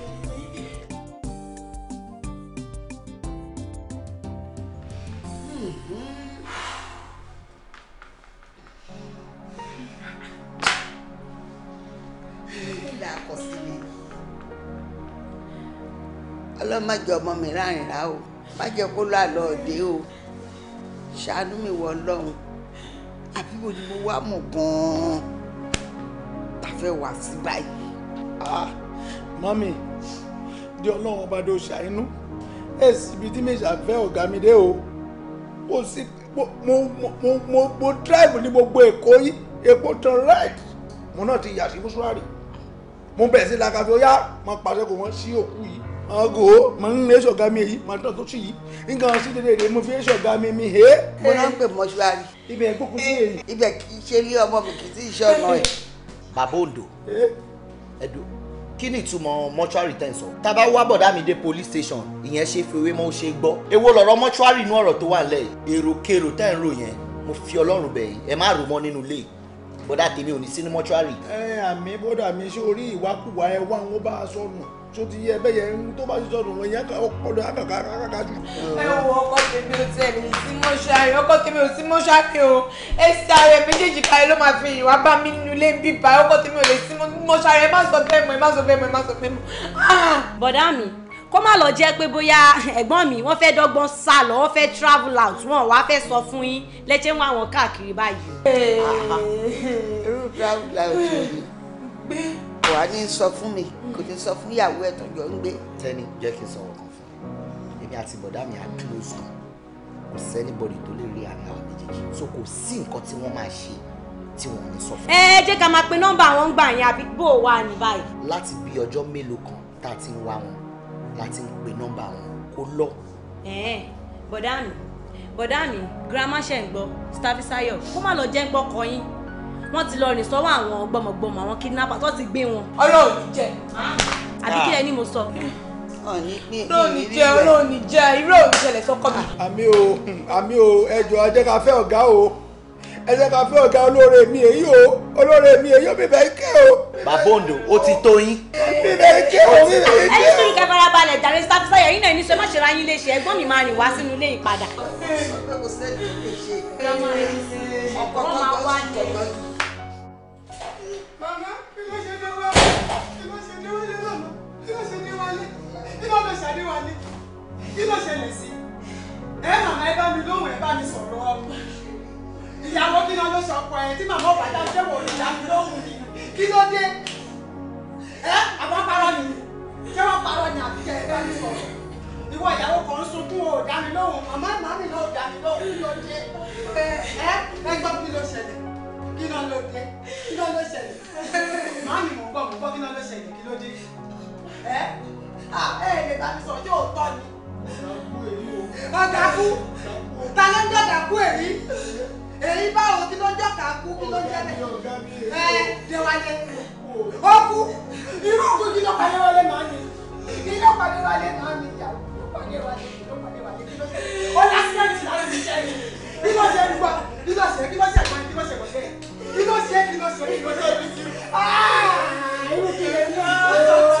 jẹ́ ọmọ mi rárìnrá o má jẹ́ kó lọ àlọ́ òde o ṣàánú mi wọ ọlọ́run àbí wo ni mo wá mọ̀ gan-an tá a fẹ́ wá sí báyìí. Ah, mọ́mì di ọlọ́run ọba tó ṣàánú èsì ibi tí mi ṣàfẹ́ ọ̀gá mi dé o kò sí mo mo mo drive ní gbogbo èkó yìí èkó tán right mo náà ti yà sí mọ́ṣúárì mo bẹ̀rẹ̀ sí làkàtúnyà mo pàṣẹ kò wọ́n sí òkú yìí ago mo ń lé ṣọ̀gá mi èyí mo tán tó ṣì yìí nǹkan sí dédé mo fi ṣọ̀gá mi mi he. mo náà ń pè mọ́ṣúárì. ibẹ̀ kúkú sí èyí. ibẹ̀ kì í ṣe ilé ọmọ mi kì í sí iṣẹ́ ọ̀nà ẹ̀. bàbá òdò ẹ̀dùn kí ni ìtumọ̀ mọ́ṣúárì tẹ̀ ń sọ. tá a bá wá bọ̀dá mi dé police station ìyẹn ṣe fi ewé mọ́ ó ṣe gbọ́. èwo lọ̀rọ̀ mọ́ṣúárì inú ọ̀rọ̀ tó wà lẹ̀ èrò kèrò tẹ̀ ń rò yẹn mo fi ọlọ́run bẹ̀ yín ẹ má rò mọ́ nínú ilé yìí bọ́dà tèmi ò ní sí ní mọ́ṣúárì. ẹ àmì bọ́dà mi ṣe orí ìwákùwà ẹ wá wọn bá a sọnù tó ti yẹ bẹ́yẹ tó bá ti sọ̀rọ̀ wọn yẹn ọpọlọ akàkàkà jù. ẹ wo ọkọ tèmi ò tẹ mi sí mọ́ṣárì ọkọ tèmi ò sí mọ́ṣárì o ẹsẹ ààrẹ méjèèjì káyọ ló máa fi ìwà bá mi nínú ilé bíbá ọkọ tèmi ò lè sí mọ́ṣárì ẹ má sọ bẹ́ẹ̀ mọ́ ẹ má sọ bẹ́ẹ̀ mọ́ ẹ má sọ bẹ́ẹ̀ mọ́. Ah! bọ̀dá mi kó má lọ jẹ́ pé bóyá ẹ̀gbọ́n mi wọ́n fẹ́ dọ́gbọ́n sá lọ wọ́n fẹ́ travel out wọn wá fẹ́ sọ fún yín lẹ́jẹ̀ wọn àwọn káàkiri báyìí. Eh, irú travel out yìí buhari ń sọ fún mi kò lè sọ fún ìyàwó ẹ̀ tó jọ ń gbé. tẹ́ni jẹ́ kí n sọ̀rọ̀ kan fún un èmi àti bọ̀dá mi á close kan kò sẹ́nibọ̀dì tó lè rí àárín àwọn méjèèjì so kò sí nǹkan tí wọ́n máa ṣe tí wọ́n ní sọ fún mi. ẹ jẹ́ ká máa pe nọ́mbà àwọn gbà yẹn àbí bó o wà ní báyìí. láti bí ọjọ́ mélòó kan tá a ti ń wá wọn láti ń pe nọ́mbà wọn kó lọ. bọ̀dá mi bọ̀dá mi girama ṣe ń gbọ́ Sitafisayo kó má lọ jẹ́ ń gbọ́ kọyín wọ́n ti lọ rìn sọ́wọ́ àwọn gbọmọgbọmọ àwọn kidnapper tó ti gbé wọn. ọlọ́run ní jẹ́. Ah, àbí kílẹ̀ ni mo sọ. lóòní jẹ́ lóòní jẹ́ irú òní ṣẹlẹ̀ sọ́kọ́ mi. Ah, àmì o àmì o ẹjọ ẹ jẹ́ ká fẹ́ ọ̀gá o ẹ jẹ́ ká fẹ́ ọ̀gá olóore mi èyí o olóore mi èyí o bíbẹ̀ ike o. bàbá Ondo ó ti tó yín. bíbẹ̀ ike o bíbẹ̀ ike o. ẹyin sùn kẹfà ara balẹ̀ jàre sáfísà yẹn yín náà ní sọ má ṣe ra yín léṣe ẹgbọ́n mi máa rìn wá sínú ilé ìpadà. ọkọ̀ tó ń bá wà ní ọ̀gbọ́n adéwálé kí ló ṣẹlẹ̀ sí ẹ màmá ẹ bá mi lóhùn ẹ bá mi sọ̀rọ̀ ọmọ ìyàwó kí ló ló sọ ọkọ ẹ tí màmá ọ̀bàdà ṣé wò lè dá mi lóhùn ni kí ló dé ẹ àwọn parọ́ nìyí ṣé wọ́n parọ́ ni àbí ẹ bá mi sọ̀rọ̀ ìwọ ìyàwó kan ń sunkún o dá mi lóhùn màmá màmí náà dá mi lóhùn kí ló dé ẹ ẹ gbọ́ kí ló ṣẹlẹ̀ kí ló ló dé kí ló ló ṣẹlẹ̀ màmí mò ń gbọ́ mò ń gbọ́ kí ló ló ṣẹlẹ̀ kí ló dé ẹ. Ah, ẹ lè bá mi sọ yóò tọ́ ni. ọ̀gá kú ta ló ń dọ̀gà kú èyí èyí báwo kí ló ń dọ̀gà kú kí ló ń jẹ́ bẹ́ẹ̀ ẹ déwálé ó kú irú òkú kí ló pàdé wálé màá mi kí ló pàdé wálé màá mi ìyàwó ló pàdé wálé kí ló pàdé wálé kí ló ṣe ó lásìkò láti ṣe é kí ló ṣe é nígbà kí ló ṣe é kí ló ṣe é kí ló ṣe é kí ló ṣe é kí ló ṣe é kí ló ṣe é kí ló ṣe é. Ah!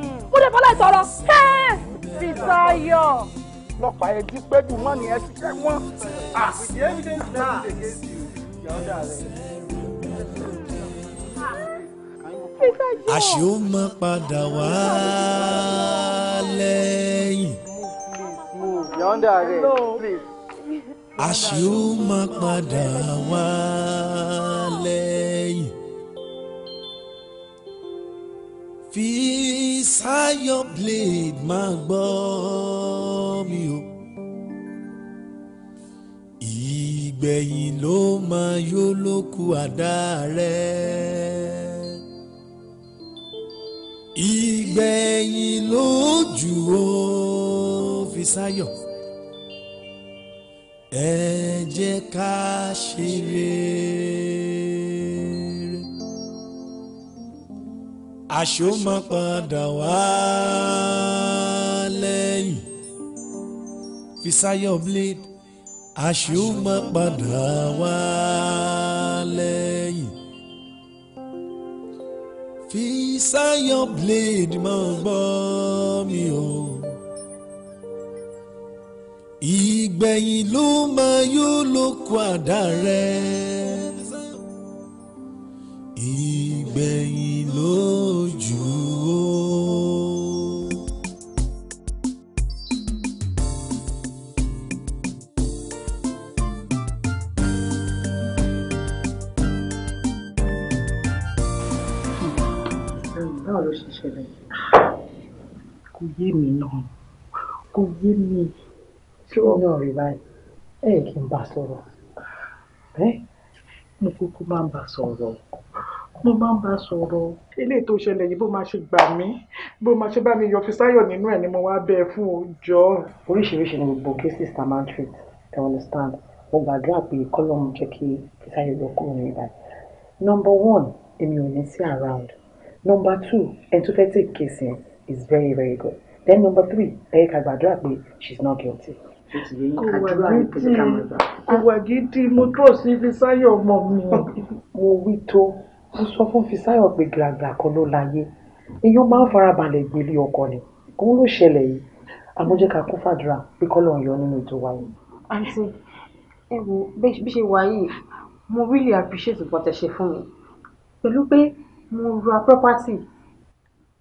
mo lè fọlá ìsọ̀rọ̀ Fìtáyọ̀. lọ́pàá ẹ jí pé jù wọ́n ni ẹ ti wọ́n. with ó máa padà wá lẹ́yìn. àṣé ó máa padà wá lẹ́yìn. fi Zion blade máa gbọ́ mi o ìgbẹ̀yìn ló máa yó lókù àdá rẹ̀ ìgbẹ̀yìn lójú ó fi sáyọ̀ ẹ jẹ́ ká ṣe àṣomọ padà wá lẹ́yìn Fisáyọ̀ blade àṣomọ padà wá lẹ́yìn Fisáyọ̀ blade máa gbọ́ mi o ìgbẹ̀yìn ló máa yó ló kó àdá rẹ̀ ìgbẹ̀yìn. kò yé mi náà kò yé mi. ṣé wọn náà rí báyìí ẹ kì í bá a sọ̀rọ̀ ẹ mo kúkú máa ń bá a sọ̀rọ̀ mo máa ń bá a sọ̀rọ̀ eléyìí tó ṣẹlẹ̀ yìí bó máa ṣe gbà mí bó máa ṣe bá mi yọ Fisáyọ̀ nínú ẹ̀ ni mo wá bẹ́ẹ̀ fún òòjọ́. oríṣiríṣi ni gbogbo cases ta máa ń treat I understand mo gbàdúrà pé kọ́lọ́mù jẹ́ kí Fisáyọ̀ lọ kúrò ní ìbàdàn. number one èmi ò ní sí around number two ẹni tó fẹ́ take case yẹn is very very good then number three ẹ ká gbàdúrà pé she is not guilty. kò wà gidi mo tó sí Fisáyọ̀ ọmọ mi. <laughs> mo wí tó mo sọ fún Fisáyọ̀ pé gbàgbà kan ló láyé èèyàn máa ń farabalẹ̀ gbélé ọkọ ni òun ló ṣẹlẹ̀ yìí àmọ́ jẹ́ ká kún fàdúrà pé kọ́lọ̀ yọ nínú ètò wa yìí. àǹtí ẹ wo bí ṣe wà yìí mo really appreciate nǹkan fún mi pẹ̀lú pé mo ra property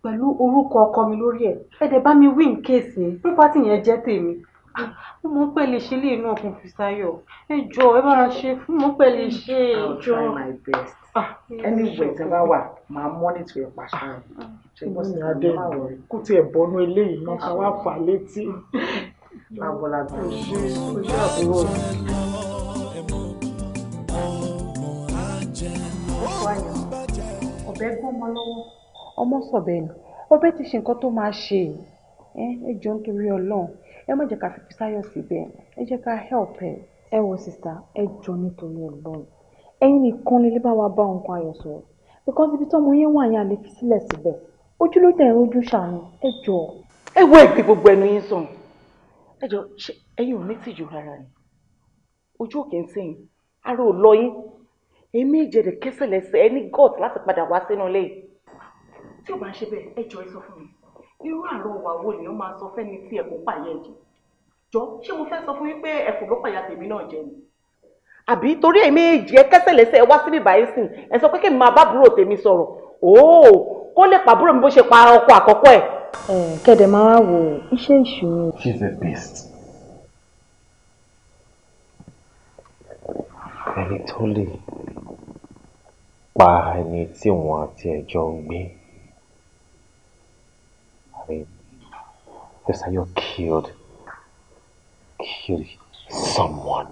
pẹ̀lú orúkọ ọkọ mi lórí ẹ̀ ẹ bá mi wí ní kéèsì yẹn jẹ́ tèmi ah, mo mọ̀ pé lè ṣe léyìn náà kún Fisáyọ̀ ẹ jọ ẹ bá ṣe fún mo pé lè ṣe é jọ. I will try my best ah, anywhere tí a bá wà máa mọ́nìtò ẹ̀ pàṣẹ ah, ṣe bọ́ sí adé kó tiẹ̀ bọ́nú eléyìí náà ká wá fà létí. lábọ́lágbà ṣe ojú lọ́wọ́ ọmọ sọ̀bẹ ni ọbẹ ti ṣe nǹkan tó máa ṣe ẹ jọ nítorí Ọlọ́run ẹ má jẹ́ ká fi Bísáyọ̀ síbẹ̀ ẹ jẹ́ ká help ẹ. ẹ wo sista ẹ jọ nítorí Ọlọ́run ẹ̀yin nìkan lè lè bá wa bá nǹkan ayọ̀ sọ̀rọ̀ because ibi tọ́mọ yẹn wà yẹn a lè fi sílẹ̀ síbẹ̀ ojú ló dẹ̀ ń rojú ṣàánú ẹ jọ. ẹ wo èdè gbogbo ẹnu yín sàn ẹ jọ ṣe ẹ̀yin ò ní tìjú rárá ni ojú òkè ń sìn ara ò lọ yín èmi ìjẹ̀dẹ̀ kẹsẹ̀ lẹ́sẹ̀ ẹ ní gọ́ọ̀tì láti padà wá sínú ilé tí ò bá ṣe bẹ́ẹ̀ ẹ jọ ẹ sọ fún mi irú àárọ̀ wà wo lèèyàn máa sọ fẹ́ni tí ẹ̀kún pààyà ẹ̀jẹ̀ jọ ṣé mo fẹ́ sọ fún yín pé ẹ̀kún ló pààyà tèmi náà jẹ ni. àbí torí èmi èjì ẹ kẹsẹ̀ lẹ́sẹ̀ ẹ wá síbí báyìí sìn ẹ sọ pé kí n máa bá àbúrò tèmi sọ̀rọ̀ òó kó lè pa àbúrò mi bó ṣe pa ọkọ àkọ́kọ́ ẹ̀. ẹ kẹdẹ máa wá wo iṣẹ́ ìṣòro. she is a beast. ẹni tó lè pa ẹni tí òun àti ẹjọ́ ń gbé. faith. Josiah killed, killed someone,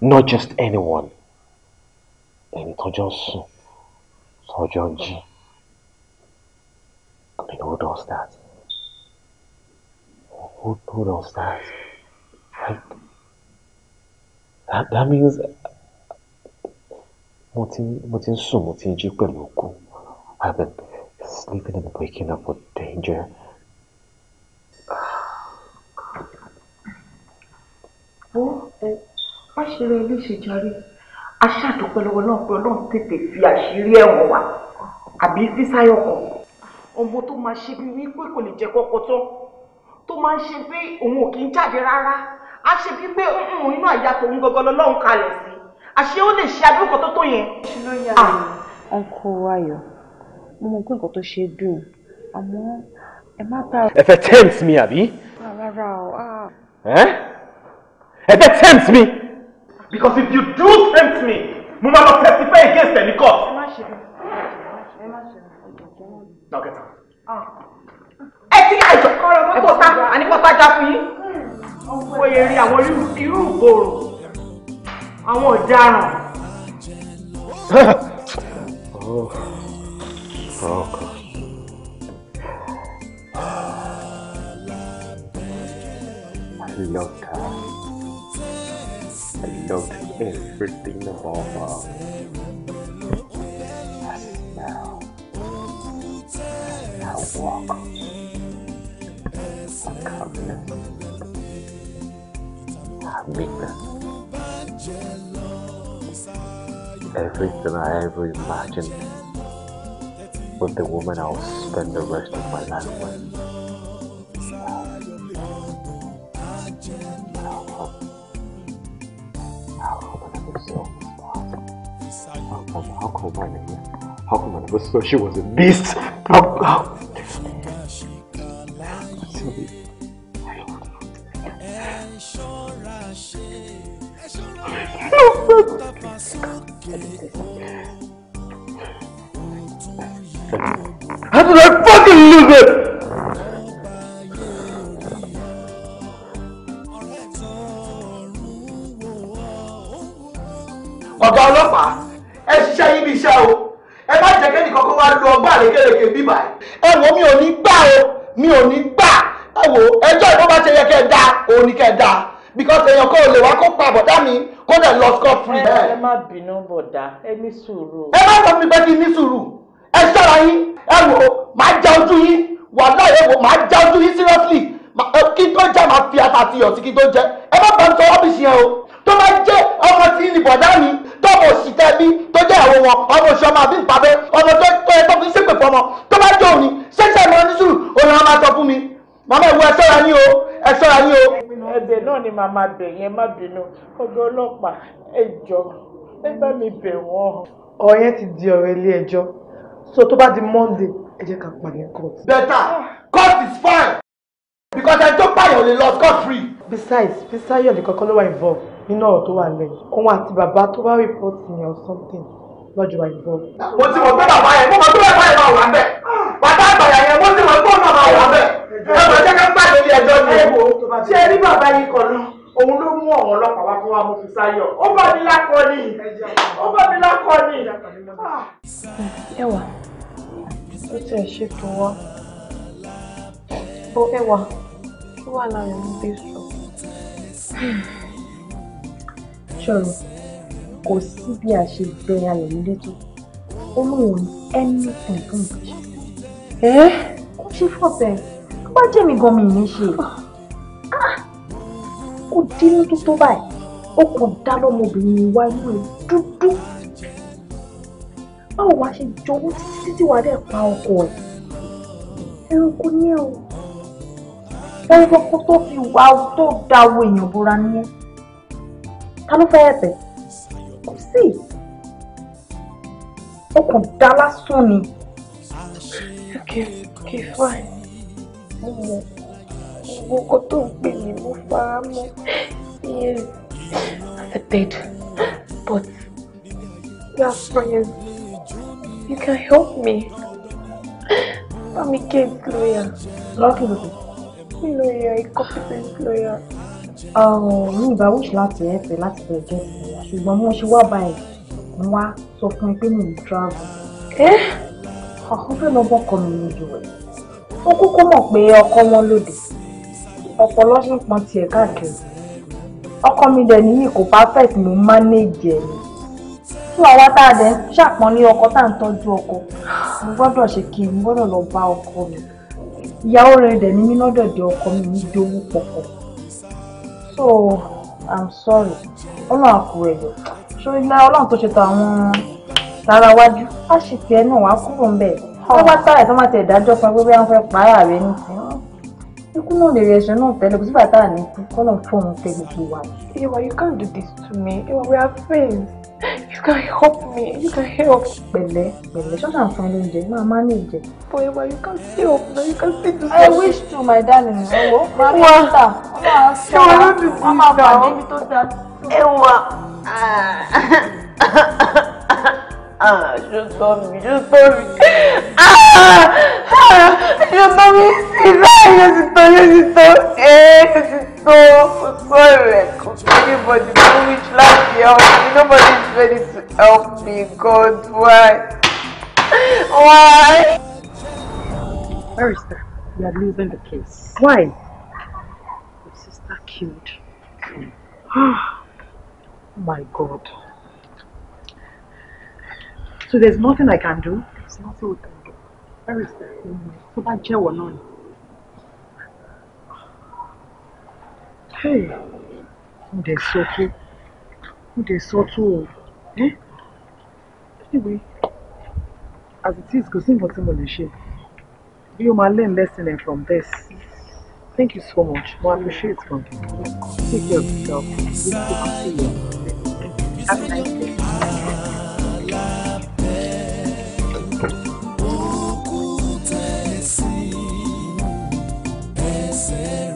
not just anyone. And it jọ sùn, tó jọ jí. I mean, who does that? Who, who does that? Like, that, that means òkú. I've been sleeping and waking up with danger. fáṣírí eléṣe jàre aṣáàdúpẹ́ lọ́wọ́ náà pé ọlọ́run tètè fi àṣírí ẹ̀wọ̀n wá àbí físáyọ̀ kan ọmọ tó máa ṣe bí wípé kò lè jẹ́ kọ́kọ́ tán tó máa ń ṣe pé òun ò kí ń jáde rárá á ṣe bí pé inú àyà tòun gangan lọ́lọ́run kalẹ̀ sí àṣé ó lè ṣe adúrúkọ tó tó yẹn. ọkọ ayọ̀ mo mọ pé nǹkan tó ṣe dùn àmọ́ ẹ má ta. ẹ fẹ́ tempt mi àbí. rárá o. ẹ fẹ́ tempt mi because if you do tempt me mo máa testify against them. ní court. now get out. Ah. ẹ ti àìsàn ẹ bọ́ sá àní pátá já fún yín. ó hmm. yẹ rí àwọn irú ìgboro àwọn ọ̀daràn. <laughs> Oh, oh God. I love that. Of everything about us. I smell. I walk. I covenant. I make everything I ever imagined with the woman I'll spend the rest of my life with. how come I mean, how come I never saw she was a beast? How, how? How did I fucking lose it? báyìí ẹ wo mi ò ní gbà o mi ò ní gbà ẹ wo ẹjọ́ ìbọn bá ṣe yẹ kẹ́ ẹ dá òun ni kẹ́ ẹ dá because èèyàn kò lè wá kó pa bọ̀dá mi kó dẹ̀ lọ scot free. ẹ má bínú bọ̀dá ẹ ní sùúrù. ẹ má sọ fún mi pé kí n ní sùúrù ẹ ṣọ́ra yín ẹ wò ó màá já ojú yín wàhálà ẹ wò màá já ojú yín seriously kí tó jẹ́ màá fi àtàtì yọ̀ sí kí tó jẹ́ ẹ má bá ń sọ ọ́fíìsì yẹn o tó bá jẹ́ ọmọ tí ń tọ́mọ òsì tẹ́ bí tó jẹ́ ìyàwó wọn ọmọ oṣù ọmọ àbí ìpàdé ọmọ tó yẹ tó fi ṣépè fọmọ tó bá jẹ́ òní ṣẹ́ṣẹ́ mi wọn ní sùúrù òun làwọn máa sọ fún mi màmá ìwọ ẹ ṣọ́ra ní o ẹ ṣọ́ra ní o. ẹ̀bẹ̀ náà ni màmá bẹ̀ yẹn má bínú ọ̀gá ọlọ́pàá ẹ jọ ẹ bá mi bẹ̀ wọ́n. ọyẹn ti di ọ̀rọ̀ ilé ẹjọ́ so tó bá di Monday ẹ jẹ́ ká pàdé court. better court is fine because ẹ tó pààyàn lè lọ scot free. besides Fisayọ̀ nìkan kọ́ ló wà involved nínú ọ̀rọ̀ tó wà lẹ́yìn òun àti bàbá tó bá report yẹn or something lọ́jọ́ wa ìbọn. mo ti mọ̀ pé bàbá yẹn mo mọ̀ pé bàbá yẹn máa wà bẹ́ẹ̀ bàbá àgbàyà yẹn mo ti mọ̀ pé òun náà máa wà bẹ́ẹ̀ ẹ mọ̀ jẹ́ ká pàdé ní ẹjọ́ ni. ẹ wo ṣé ẹ ní bàbá yìí kan náà òun ló mú àwọn ọlọ́pàá wá fún wa mo fi sáyọ ó bá mi lákọ ni ó bá mi lákọ ni. Ah, ẹwà ó tẹ̀ ṣètò wa ó ẹwà ó wà lára ìmúdé sọ ṣòro kò sí bí a ṣe bẹ ayọ̀ nílé tó ó lóun anything tó ń bẹ ṣe. ẹ kó ṣe fọbẹ tó bá jẹ́ mi gan mi ní ṣe ah! kó dínú tó tó báyìí ó kàn dá lọ́mọbìnrin wa inú ẹ̀ dúdú báwo wàá ṣe jọ̀wọ́ títí títí wàá dẹ̀ pa ọkọ ẹ̀ ẹranko ní ẹ o ẹranko tó fi wà tó da owó èèyàn bora nìyẹn ta ló fẹ́ẹ́ bẹ̀ kò sí ó kò dá lásán ni. okay okay fine mo mọ gbogbo nǹkan tó ń pè mí mo fara mọ́ yes accepted but you are friends you can help me bá mi get lawyer. love lawyer lawyer a competent lawyer mi ìgbà wíṣì láti ẹ̀fẹ̀ láti bẹ̀jẹ̀ ṣùgbọ́n mo ṣe wá báyìí mo wá sọ fún ẹ pé mi ò travel. ẹ eh? ọkọ fẹ́ lọ bọ́kọ mi lójú rẹ̀ ó kúkú mọ̀ pé ọkọ wọn lòdì ọpọlọ ṣì ń pọn tiẹ̀ káàkiri ọkọ mi dẹ̀ nìyí kò perfect mo manage ẹ̀ ni fún àwa tá a dẹ̀ ń ṣàpọ́nlé ọkọ tá à ń tọ́jú ọkọ mo gbọ́dọ̀ ṣe kí n gbọ́dọ̀ lọ bá ọkọ mi ìyàwó rẹ̀ dẹ̀ ní mí lọ́dọ̀ dé ọkọ mi ní dówó pọ̀pọ̀ so i'm sorry ọlọ́run àkú ẹ̀yọ̀ sórí lára ọlọ́run tó ṣètò àwọn tara wájú á sì tiẹ̀ náà wá kúrò ń bẹ̀ tó bá táyà tó má tẹ̀ dájọ́ fún ẹgbẹ́ bí wọ́n fẹ́ pààrà rẹ nìkan ikú náà lè rẹ ẹ̀ṣẹ̀ náà tẹ́lẹ̀ kò sí bàtà ní kú kọ́nà fóun tẹ gbogbo wa. ewa you can't do this to me ewa we are friends. You can help me. You can help. Pẹ̀lẹ́, pẹ̀lẹ́. just ń fún oúnjẹ, My má ní ìjẹ. Forever, you can see. help me. You can see. do I wish to my darling. Ọwọ́, oh, oh, máa ní ìta. Ọmọ àṣọ. Ọmọ àṣọ. Ọmọ àṣọ. Ọmọ àṣọ. Ẹwà. Ah, Jotomi, Jotomi. Ah, ah, Jotomi, sí, báyìí, ó ti tó, ó ti tó, ẹ́, ó ti tó. Kò sọ rẹ̀, kò sí anybody who reach last year. Nobody is ready to help me. God, why? Why? Barrister, you are losing the case. Why? Your sister killed. <gasps> Oh my God. So there's nothing I can do. There's nothing we can do. Very simple. Tó bá jẹ́wọ́ náà ni. Hey, who dẹ̀ so too? Who dẹ̀ so too? Eh? Anyway, as it is, kò sí nǹkan tí mo You might Bí o learn lesson from this. Thank you so much. I appreciate it, Funky. Take care of yourself. Good you. Have a nice day. esquecer.